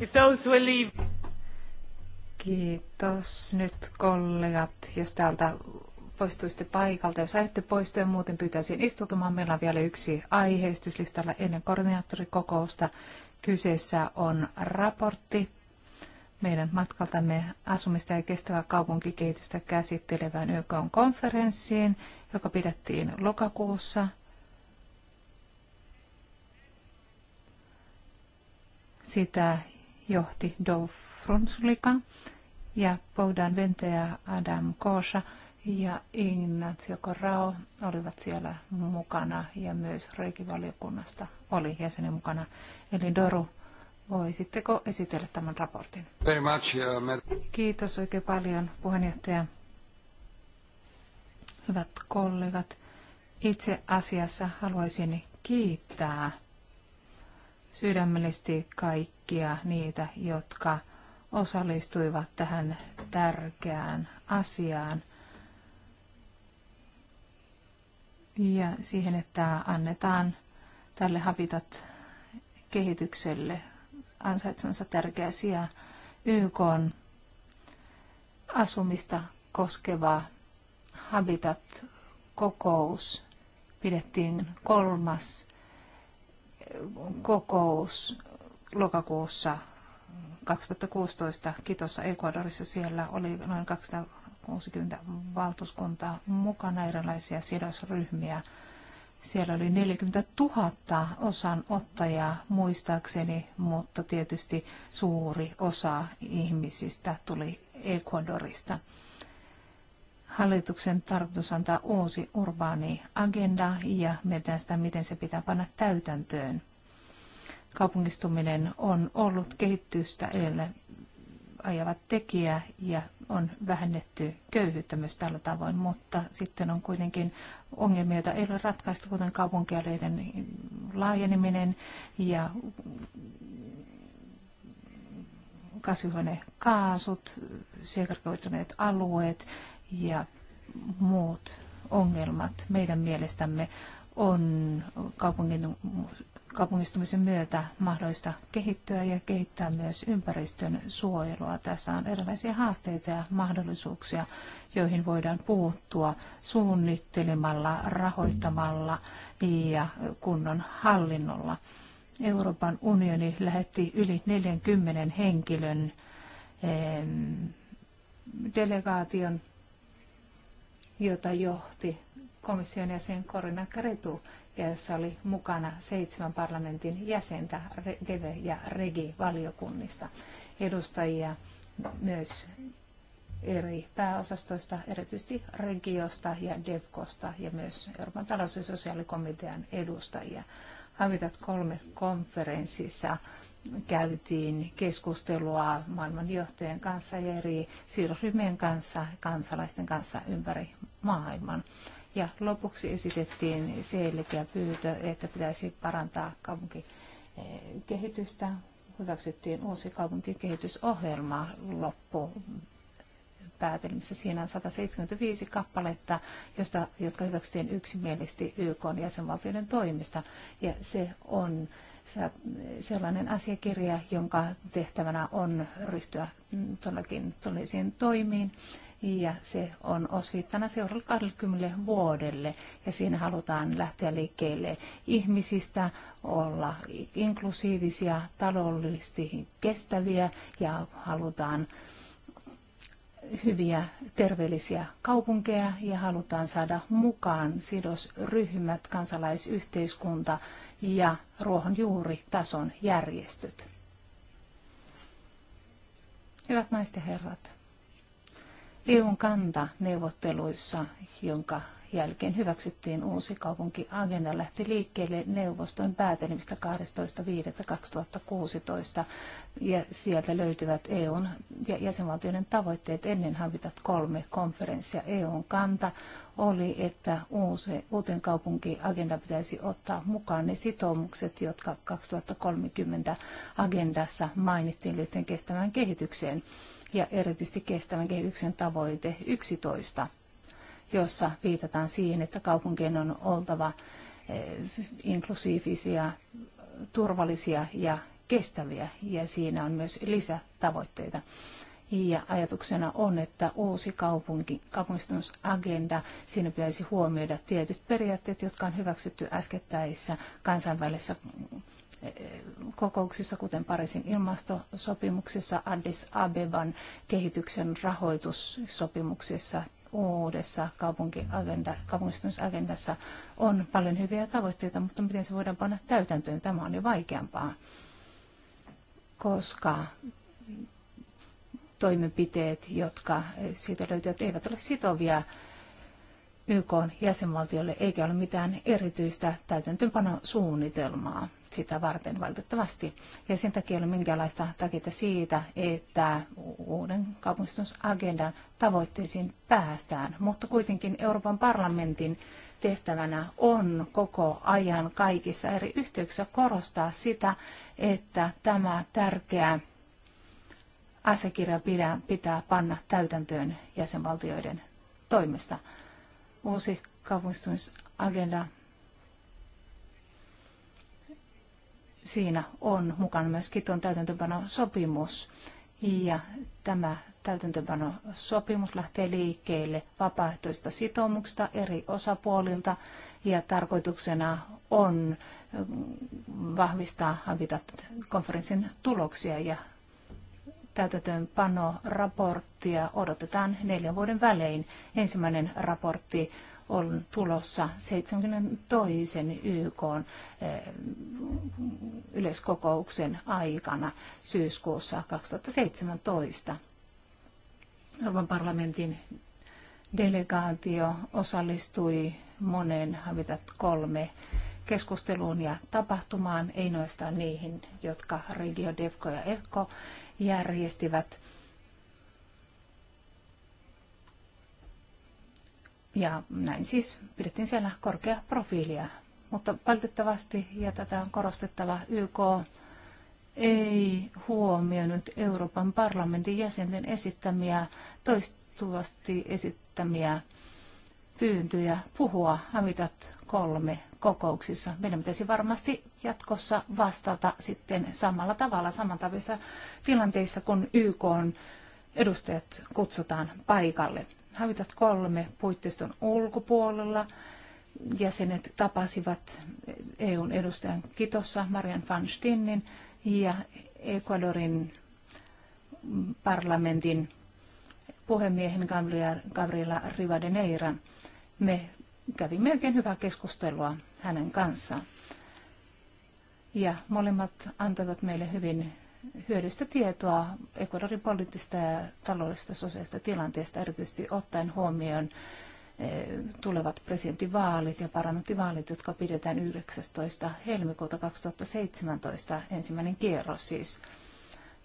If those leave... Kiitos nyt kollegat, jos täältä poistuisitte paikalta. Jos ajatte poistua, muuten pyytäisin istutumaan. Meillä on vielä yksi aiheistuslistalla ennen koordinaattorikokousta. Kyseessä on raportti meidän matkaltamme asumista ja kestävää kaupunkikehitystä käsittelevään YK-konferenssiin, joka pidettiin lokakuussa – Sitä johti Dov Frunzulika ja Poudan Vente ja Adam Koosa ja Ignacio Corrao olivat siellä mukana ja myös reikivaliokunnasta oli jäsenen mukana. Eli Doru, voisitteko esitellä tämän raportin? Uh, Kiitos oikein paljon puheenjohtaja. Hyvät kollegat, itse asiassa haluaisin kiittää sydämellisesti kaikkia niitä, jotka osallistuivat tähän tärkeään asiaan ja siihen, että annetaan tälle habitat kehitykselle ansaitsunsa tärkeä sija YK on asumista koskeva Habitat-kokous pidettiin kolmas kokous lokakuussa 2016 Kitossa Ecuadorissa. Siellä oli noin 260 valtuuskuntaa mukana, erilaisia sidosryhmiä. Siellä oli 40 000 osanottajaa muistaakseni, mutta tietysti suuri osa ihmisistä tuli Ecuadorista. Hallituksen tarkoitus antaa uusi urbaani agenda ja mietitään sitä, miten se pitää panna täytäntöön. Kaupungistuminen on ollut kehitystä edelleen ajavat tekijä ja on vähennetty köyhyyttä myös tällä tavoin, mutta sitten on kuitenkin ongelmia, joita ei ole ratkaistu, kuten kaupunkialueiden laajeneminen ja kasvihuonekaasut, sekarkoituneet alueet ja muut ongelmat meidän mielestämme on kaupungin, kaupungistumisen myötä mahdollista kehittyä ja kehittää myös ympäristön suojelua. Tässä on erilaisia haasteita ja mahdollisuuksia, joihin voidaan puuttua suunnittelemalla, rahoittamalla ja kunnon hallinnolla. Euroopan unioni lähetti yli 40 henkilön delegaation jota johti komission jäsen Corina Cretu, ja jossa oli mukana seitsemän parlamentin jäsentä Deve ja Regi-valiokunnista edustajia myös eri pääosastoista, erityisesti Regiosta ja DEVKosta ja myös Euroopan talous- ja sosiaalikomitean edustajia. Havitat kolme konferenssissa käytiin keskustelua maailmanjohtajien kanssa ja eri sidosryhmien kanssa, kansalaisten kanssa ympäri maailman. Ja lopuksi esitettiin selkeä pyytö, että pitäisi parantaa kaupunkikehitystä. Hyväksyttiin uusi kaupunkikehitysohjelma loppu päätelmissä. Siinä on 175 kappaletta, josta, jotka hyväksyttiin yksimielisesti YK jäsenvaltioiden toimista. Ja se on sellainen asiakirja, jonka tehtävänä on ryhtyä todellakin todellisiin toimiin. Ja se on osviittana seuraavalle 20 vuodelle. Ja siinä halutaan lähteä liikkeelle ihmisistä, olla inklusiivisia, taloudellisesti kestäviä ja halutaan hyviä terveellisiä kaupunkeja ja halutaan saada mukaan sidosryhmät, kansalaisyhteiskunta ja ruohonjuuritason järjestöt. Hyvät naisten herrat, EUn kanta neuvotteluissa, jonka jälkeen hyväksyttiin uusi Agenda, lähti liikkeelle neuvoston päätelmistä 12.5.2016 ja sieltä löytyvät EUn ja jäsenvaltioiden tavoitteet ennen Habitat 3 konferenssia. EUn kanta oli, että uuteen kaupunkiagenda pitäisi ottaa mukaan ne sitoumukset, jotka 2030 agendassa mainittiin liittyen kestävään kehitykseen ja erityisesti kestävän kehityksen tavoite 11, jossa viitataan siihen, että kaupunkien on oltava eh, inklusiivisia, turvallisia ja kestäviä ja siinä on myös lisätavoitteita. Ja ajatuksena on, että uusi kaupunki, kaupungistumisagenda, siinä pitäisi huomioida tietyt periaatteet, jotka on hyväksytty äskettäisissä kansainvälisissä mm, eh, kokouksissa, kuten Pariisin ilmastosopimuksessa, Addis Abeban kehityksen rahoitussopimuksessa, uudessa kaupunkiagenda, kaupungistumisagendassa on paljon hyviä tavoitteita, mutta miten se voidaan panna täytäntöön, tämä on jo vaikeampaa, koska toimenpiteet, jotka eh, siitä löytyvät, eivät ole sitovia YK jäsenvaltiolle eikä ole mitään erityistä täytäntöönpanosuunnitelmaa sitä varten valitettavasti. Ja sen takia ei ole minkäänlaista takia siitä, että uuden kaupungistusagendan tavoitteisiin päästään. Mutta kuitenkin Euroopan parlamentin tehtävänä on koko ajan kaikissa eri yhteyksissä korostaa sitä, että tämä tärkeä asiakirja pitää, pitää panna täytäntöön jäsenvaltioiden toimesta. Uusi kaupungistumisagenda siinä on mukana myös Kiton täytäntöpanosopimus. Ja tämä täytäntöpanosopimus lähtee liikkeelle vapaaehtoista sitoumuksista eri osapuolilta ja tarkoituksena on vahvistaa Habitat-konferenssin tuloksia ja täytäntöönpanoraporttia odotetaan neljän vuoden välein. Ensimmäinen raportti on tulossa 72. YK eh, yleiskokouksen aikana syyskuussa 2017. Euroopan parlamentin delegaatio osallistui moneen Habitat 3 keskusteluun ja tapahtumaan, ei noista niihin, jotka Radio Devko ja Eko järjestivät. Ja näin siis pidettiin siellä korkea profiilia. Mutta valitettavasti, ja tätä on korostettava, YK ei huomioinut Euroopan parlamentin jäsenten esittämiä, toistuvasti esittämiä pyyntöjä puhua Amitat 3 kokouksissa. Meidän pitäisi varmasti jatkossa vastata sitten samalla tavalla samantavissa tilanteissa, kun YK on edustajat kutsutaan paikalle. Havitat kolme puitteiston ulkopuolella. Jäsenet tapasivat EUn edustajan Kitossa Marian van Stinnin ja Ecuadorin parlamentin puhemiehen Gabriela Rivadeneiran. Me kävimme oikein hyvää keskustelua hänen kanssaan. Ja molemmat antoivat meille hyvin hyödyllistä tietoa Ecuadorin poliittista ja taloudellista sosiaalista tilanteesta, erityisesti ottaen huomioon eh, tulevat presidentinvaalit ja parlamenttivaalit, jotka pidetään 19. helmikuuta 2017, ensimmäinen kierros siis.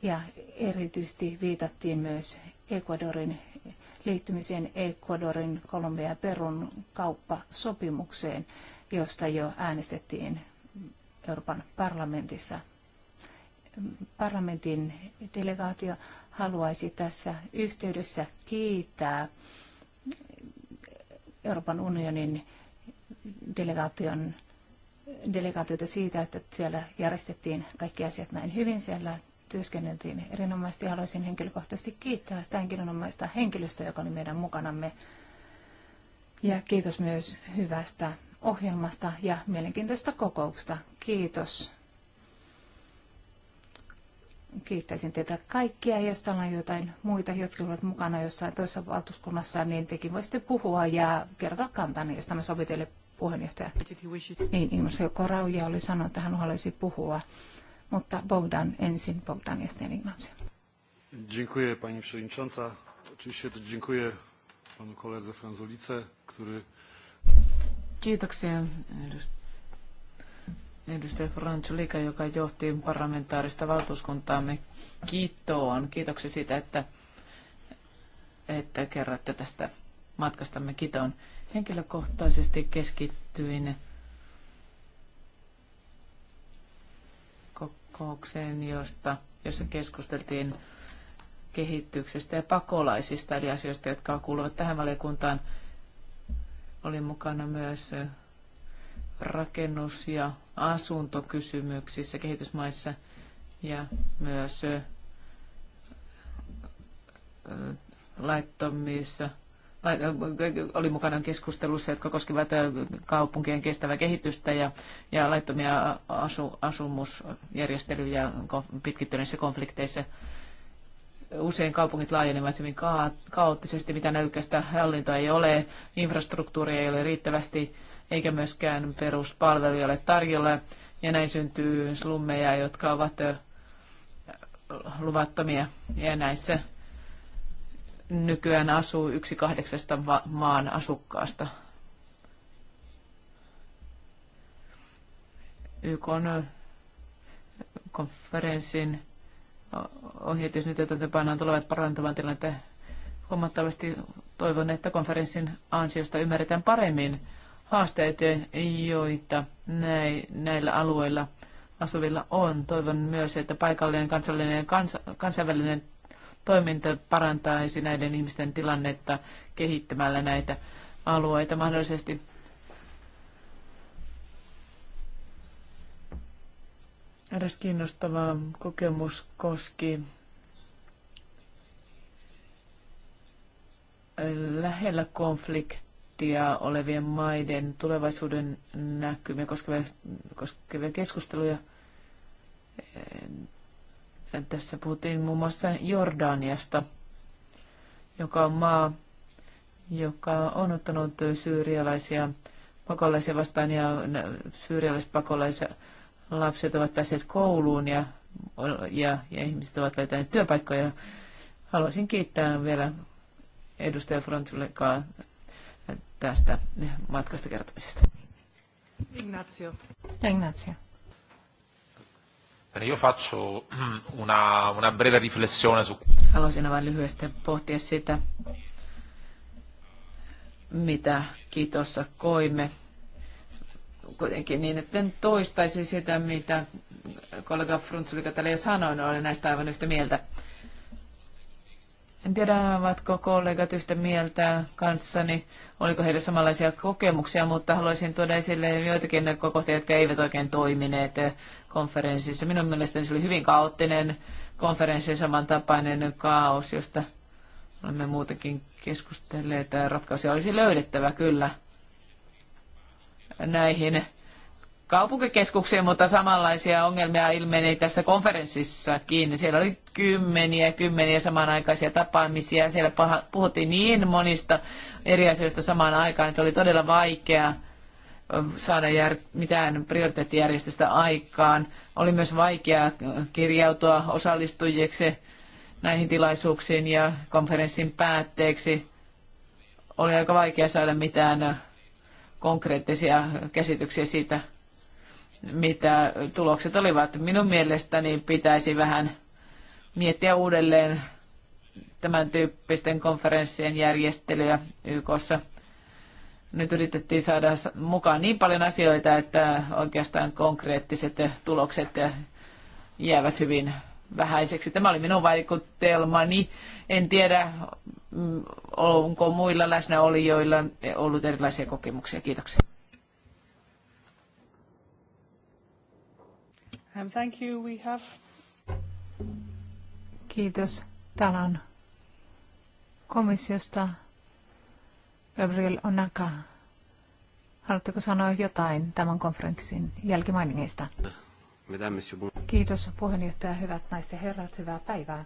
Ja erityisesti viitattiin myös Ecuadorin liittymiseen Ecuadorin, Kolumbian ja Perun kauppasopimukseen, josta jo äänestettiin Euroopan parlamentissa. Parlamentin delegaatio haluaisi tässä yhteydessä kiittää Euroopan unionin delegaation delegaatiota siitä, että siellä järjestettiin kaikki asiat näin hyvin. Siellä työskenneltiin erinomaisesti. Haluaisin henkilökohtaisesti kiittää sitä henkilöstöä, joka oli meidän mukanamme. Ja kiitos myös hyvästä ohjelmasta ja mielenkiintoista kokousta. Kiitos. Kiittäisin teitä kaikkia, jos täällä on jotain muita, jotka ovat mukana jossain toisessa valtuuskunnassa, niin tekin voisitte puhua ja kertoa kantani, jos tämä sovi teille puheenjohtaja. Niin, ilmeisesti Rauja oli sanonut, että hän haluaisi puhua, mutta Bogdan ensin, Bogdan ja sitten Ignacio. Dziękuję pani przewodnicząca. Oczywiście dziękuję panu koledze Franzulice, który Kiitoksia edustaja Franzulika, joka johti parlamentaarista valtuuskuntaamme Kiittoon. Kiitoksia siitä, että, että kerrotte tästä matkastamme Kitoon. Henkilökohtaisesti keskittyin kokoukseen, josta, jossa keskusteltiin kehityksestä ja pakolaisista, eli asioista, jotka kuuluvat tähän valiokuntaan – oli mukana myös rakennus- ja asuntokysymyksissä kehitysmaissa ja myös laittomissa oli mukana keskustelussa, jotka koskivat kaupunkien kestävää kehitystä ja, ja laittomia asu, asumusjärjestelyjä pitkittyneissä konflikteissa. Usein kaupungit laajenevat hyvin kaoottisesti, mitä nälkästä hallintoa ei ole, infrastruktuuria ei ole riittävästi, eikä myöskään peruspalveluja ole tarjolla. Ja näin syntyy slummeja, jotka ovat luvattomia. Ja näissä nykyään asuu yksi kahdeksasta maan asukkaasta. YK on konferenssin ohjeet, jos niitä pannaan, tulevat parantamaan tilanteen, huomattavasti. Toivon, että konferenssin ansiosta ymmärretään paremmin haasteet, joita näillä alueilla asuvilla on. Toivon myös, että paikallinen, kansallinen ja kansainvälinen toiminta parantaisi näiden ihmisten tilannetta kehittämällä näitä alueita mahdollisesti Eräs kiinnostava kokemus koski lähellä konfliktia olevien maiden tulevaisuuden näkymiä koskevia, koskevia keskusteluja. Tässä puhuttiin muun muassa Jordaniasta, joka on maa, joka on ottanut syyrialaisia pakolaisia vastaan ja syyrialaiset pakolaiset lapset ovat päässeet kouluun ja, ja, ja ihmiset ovat löytäneet työpaikkoja. Haluaisin kiittää vielä edustaja Frontsulekaa tästä matkasta kertomisesta. Ignazio. Ignazio. Io faccio una, una breve riflessione su... Haluaisin vain lyhyesti pohtia sitä, mitä kiitossa koimme kuitenkin niin, että en toistaisi sitä, mitä kollega joka täällä jo sanoi, no olen näistä aivan yhtä mieltä. En tiedä, ovatko kollegat yhtä mieltä kanssani, oliko heillä samanlaisia kokemuksia, mutta haluaisin tuoda esille joitakin näkökohtia, jotka eivät oikein toimineet konferenssissa. Minun mielestäni se oli hyvin kaoottinen konferenssi, samantapainen kaos, josta olemme muutenkin keskustelleet. Ratkaisuja olisi löydettävä kyllä näihin kaupunkikeskuksiin, mutta samanlaisia ongelmia ilmeni tässä konferenssissakin. Siellä oli kymmeniä kymmeniä samanaikaisia tapaamisia. Siellä puhuttiin niin monista eri asioista samaan aikaan, että oli todella vaikea saada jär, mitään prioriteettijärjestöstä aikaan. Oli myös vaikea kirjautua osallistujiksi näihin tilaisuuksiin ja konferenssin päätteeksi. Oli aika vaikea saada mitään konkreettisia käsityksiä siitä, mitä tulokset olivat. Minun mielestäni pitäisi vähän miettiä uudelleen tämän tyyppisten konferenssien järjestelyä YKssa. Nyt yritettiin saada mukaan niin paljon asioita, että oikeastaan konkreettiset tulokset jäävät hyvin vähäiseksi. Tämä oli minun vaikutelmani. En tiedä, Mm, onko muilla läsnäolijoilla ollut erilaisia kokemuksia? Kiitoksia. Um, thank you. We have... Kiitos. Täällä on komissiosta Gabriel Onaka. Haluatteko sanoa jotain tämän konferenssin jälkimainingeista? Kiitos puheenjohtaja, hyvät naiset ja herrat, hyvää päivää.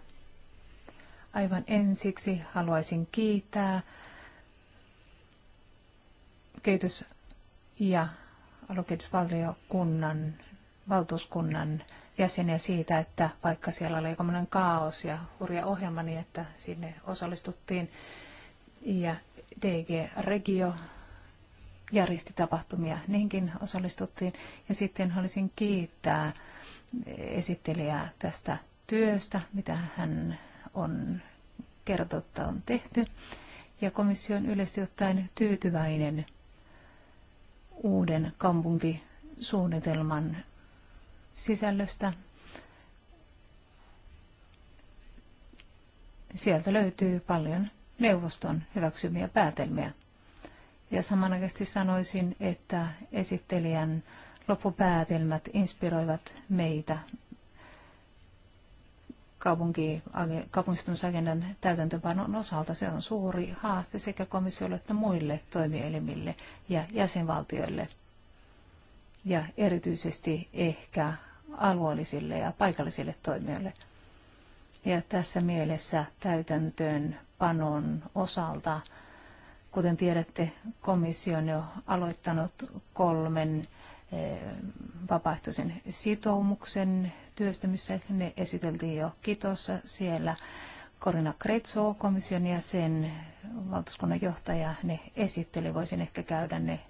Aivan ensiksi haluaisin kiittää kehitys- ja aluekehitysvaltiokunnan valtuuskunnan jäseniä siitä, että vaikka siellä oli kommenen kaos ja hurja ohjelma, niin että sinne osallistuttiin ja DG Regio järjesti tapahtumia, niinkin osallistuttiin. Ja sitten haluaisin kiittää esittelijää tästä työstä, mitä hän on kerrottu, että on tehty. Ja komissio on yleisesti ottaen tyytyväinen uuden kaupunkisuunnitelman sisällöstä. Sieltä löytyy paljon neuvoston hyväksymiä päätelmiä. Ja samanaikaisesti sanoisin, että esittelijän loppupäätelmät inspiroivat meitä kaupunki, kaupungistumisagendan täytäntöpanon osalta. Se on suuri haaste sekä komissiolle että muille toimielimille ja jäsenvaltioille ja erityisesti ehkä alueellisille ja paikallisille toimijoille. Ja tässä mielessä täytäntöönpanon osalta, kuten tiedätte, komissio on jo aloittanut kolmen vapaaehtoisen sitoumuksen työstämissä. Ne esiteltiin jo Kitossa siellä. Korina Kretso, komission ja sen valtuuskunnan johtaja, ne esitteli. Voisin ehkä käydä ne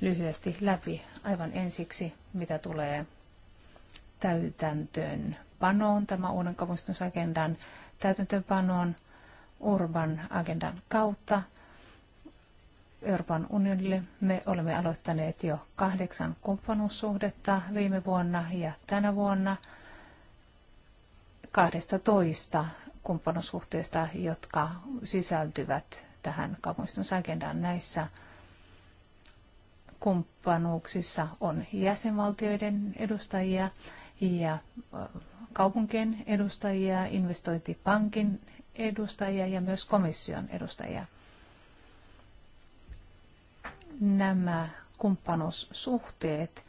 lyhyesti läpi aivan ensiksi, mitä tulee täytäntöön panoon, tämä uuden kaupungistusagendan täytäntöönpanoon urban agendan kautta. Euroopan unionille. Me olemme aloittaneet jo kahdeksan kumppanuussuhdetta viime vuonna ja tänä vuonna 12 kumppanuussuhteesta, jotka sisältyvät tähän kaupungistumisagendaan näissä kumppanuuksissa on jäsenvaltioiden edustajia ja äh, kaupunkien edustajia, investointipankin edustajia ja myös komission edustajia nämä kumppanuussuhteet,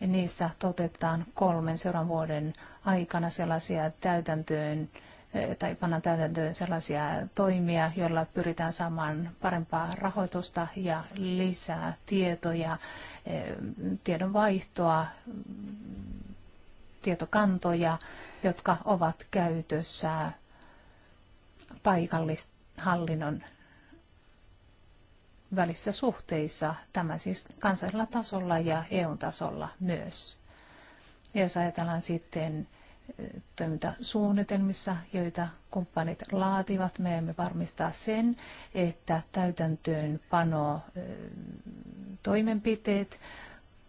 niissä toteutetaan kolmen seuraavan vuoden aikana sellaisia täytäntöön eh, tai pannaan täytäntöön sellaisia toimia, joilla pyritään saamaan parempaa rahoitusta ja lisää tietoja, eh, tiedonvaihtoa, tietokantoja, jotka ovat käytössä paikallishallinnon välisissä suhteissa, tämä siis kansallisella tasolla ja EU-tasolla myös. Ja jos ajatellaan sitten eh, toimintasuunnitelmissa, joita kumppanit laativat, me emme varmistaa sen, että täytäntöönpano eh, toimenpiteet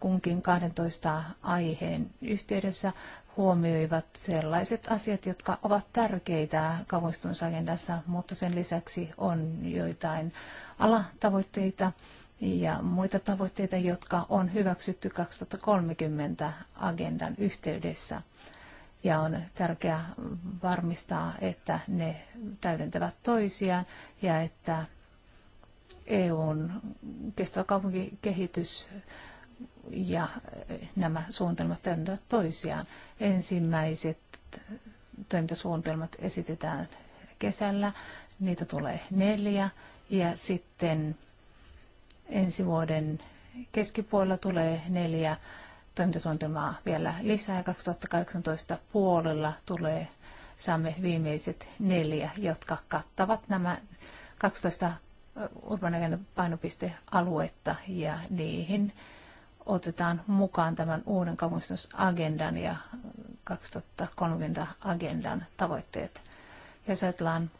kunkin 12 aiheen yhteydessä huomioivat sellaiset asiat, jotka ovat tärkeitä kaupungistumisagendassa, mutta sen lisäksi on joitain alatavoitteita ja muita tavoitteita, jotka on hyväksytty 2030 agendan yhteydessä. Ja on tärkeää varmistaa, että ne täydentävät toisiaan ja että EUn kestävä kaupunkikehitys ja nämä suunnitelmat täydentävät toisiaan. Ensimmäiset toimintasuunnitelmat esitetään kesällä. Niitä tulee neljä ja sitten ensi vuoden keskipuolella tulee neljä toimintasuunnitelmaa vielä lisää. 2018 puolella tulee, saamme viimeiset neljä, jotka kattavat nämä 12 urbanagenda painopistealuetta ja niihin otetaan mukaan tämän uuden kaupungistusagendan ja 2030 agendan tavoitteet. Jos ajatellaan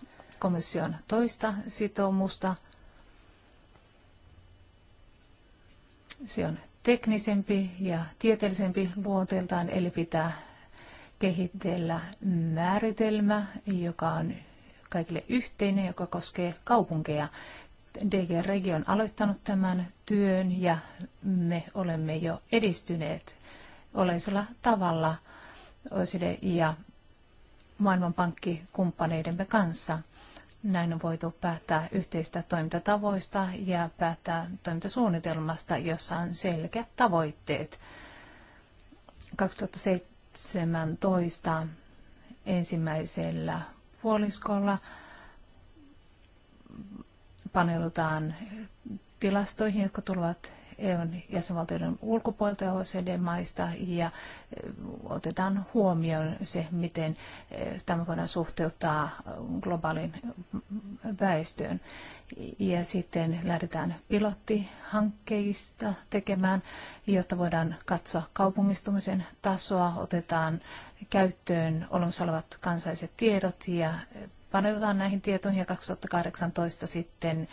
komission toista sitoumusta. Se on teknisempi ja tieteellisempi luonteeltaan, eli pitää kehitellä määritelmä, joka on kaikille yhteinen, joka koskee kaupunkeja. DG Regio on aloittanut tämän työn ja me olemme jo edistyneet oleisella tavalla OECD ja Maailmanpankki kumppaneidemme kanssa. Näin on voitu päättää yhteistä toimintatavoista ja päättää toimintasuunnitelmasta, jossa on selkeät tavoitteet. 2017 ensimmäisellä puoliskolla paneudutaan tilastoihin, jotka tulevat EUn jäsenvaltioiden ulkopuolelta ja OECD-maista ja e, otetaan huomioon se, miten e, tämä voidaan suhteuttaa globaalin väestöön. Ja sitten lähdetään pilottihankkeista tekemään, jotta voidaan katsoa kaupungistumisen tasoa, otetaan käyttöön olemassa olevat kansalliset tiedot ja paneudutaan näihin tietoihin ja 2018 sitten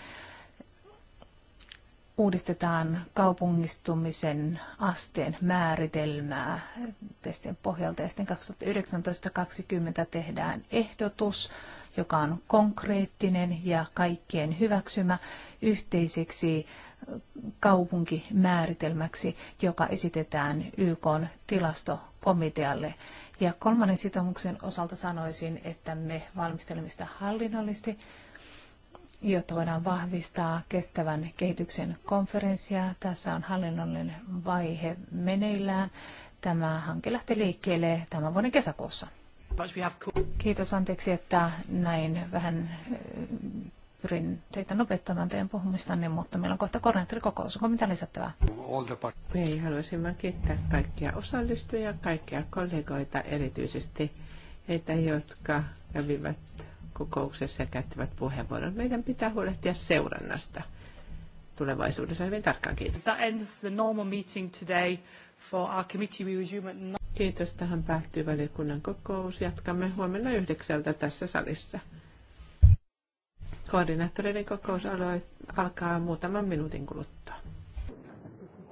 uudistetaan kaupungistumisen asteen määritelmää testien pohjalta ja sitten 2019-2020 tehdään ehdotus, joka on konkreettinen ja kaikkien hyväksymä yhteiseksi kaupunkimääritelmäksi, joka esitetään YK tilastokomitealle. Ja kolmannen sitoumuksen osalta sanoisin, että me valmistelemme sitä hallinnollisesti jotta voidaan vahvistaa kestävän kehityksen konferenssia. Tässä on hallinnollinen vaihe meneillään. Tämä hanke lähti liikkeelle tämän vuoden kesäkuussa. Kiitos anteeksi, että näin vähän eh, pyrin teitä nopeuttamaan teidän puhumistanne, mutta meillä on kohta koordinaattorikokous. Onko mitä lisättävää? Ei, haluaisin vain kiittää kaikkia osallistujia, kaikkia kollegoita, erityisesti heitä, jotka kävivät kokouksessa ja käyttivät puheenvuoron. Meidän pitää huolehtia seurannasta tulevaisuudessa hyvin tarkkaan. Kiitos. That ends the normal meeting today for our committee. We resume at Kiitos. Tähän päättyy valiokunnan kokous. Jatkamme huomenna yhdeksältä tässä salissa. Koordinaattoreiden kokous alkaa muutaman minuutin kuluttua.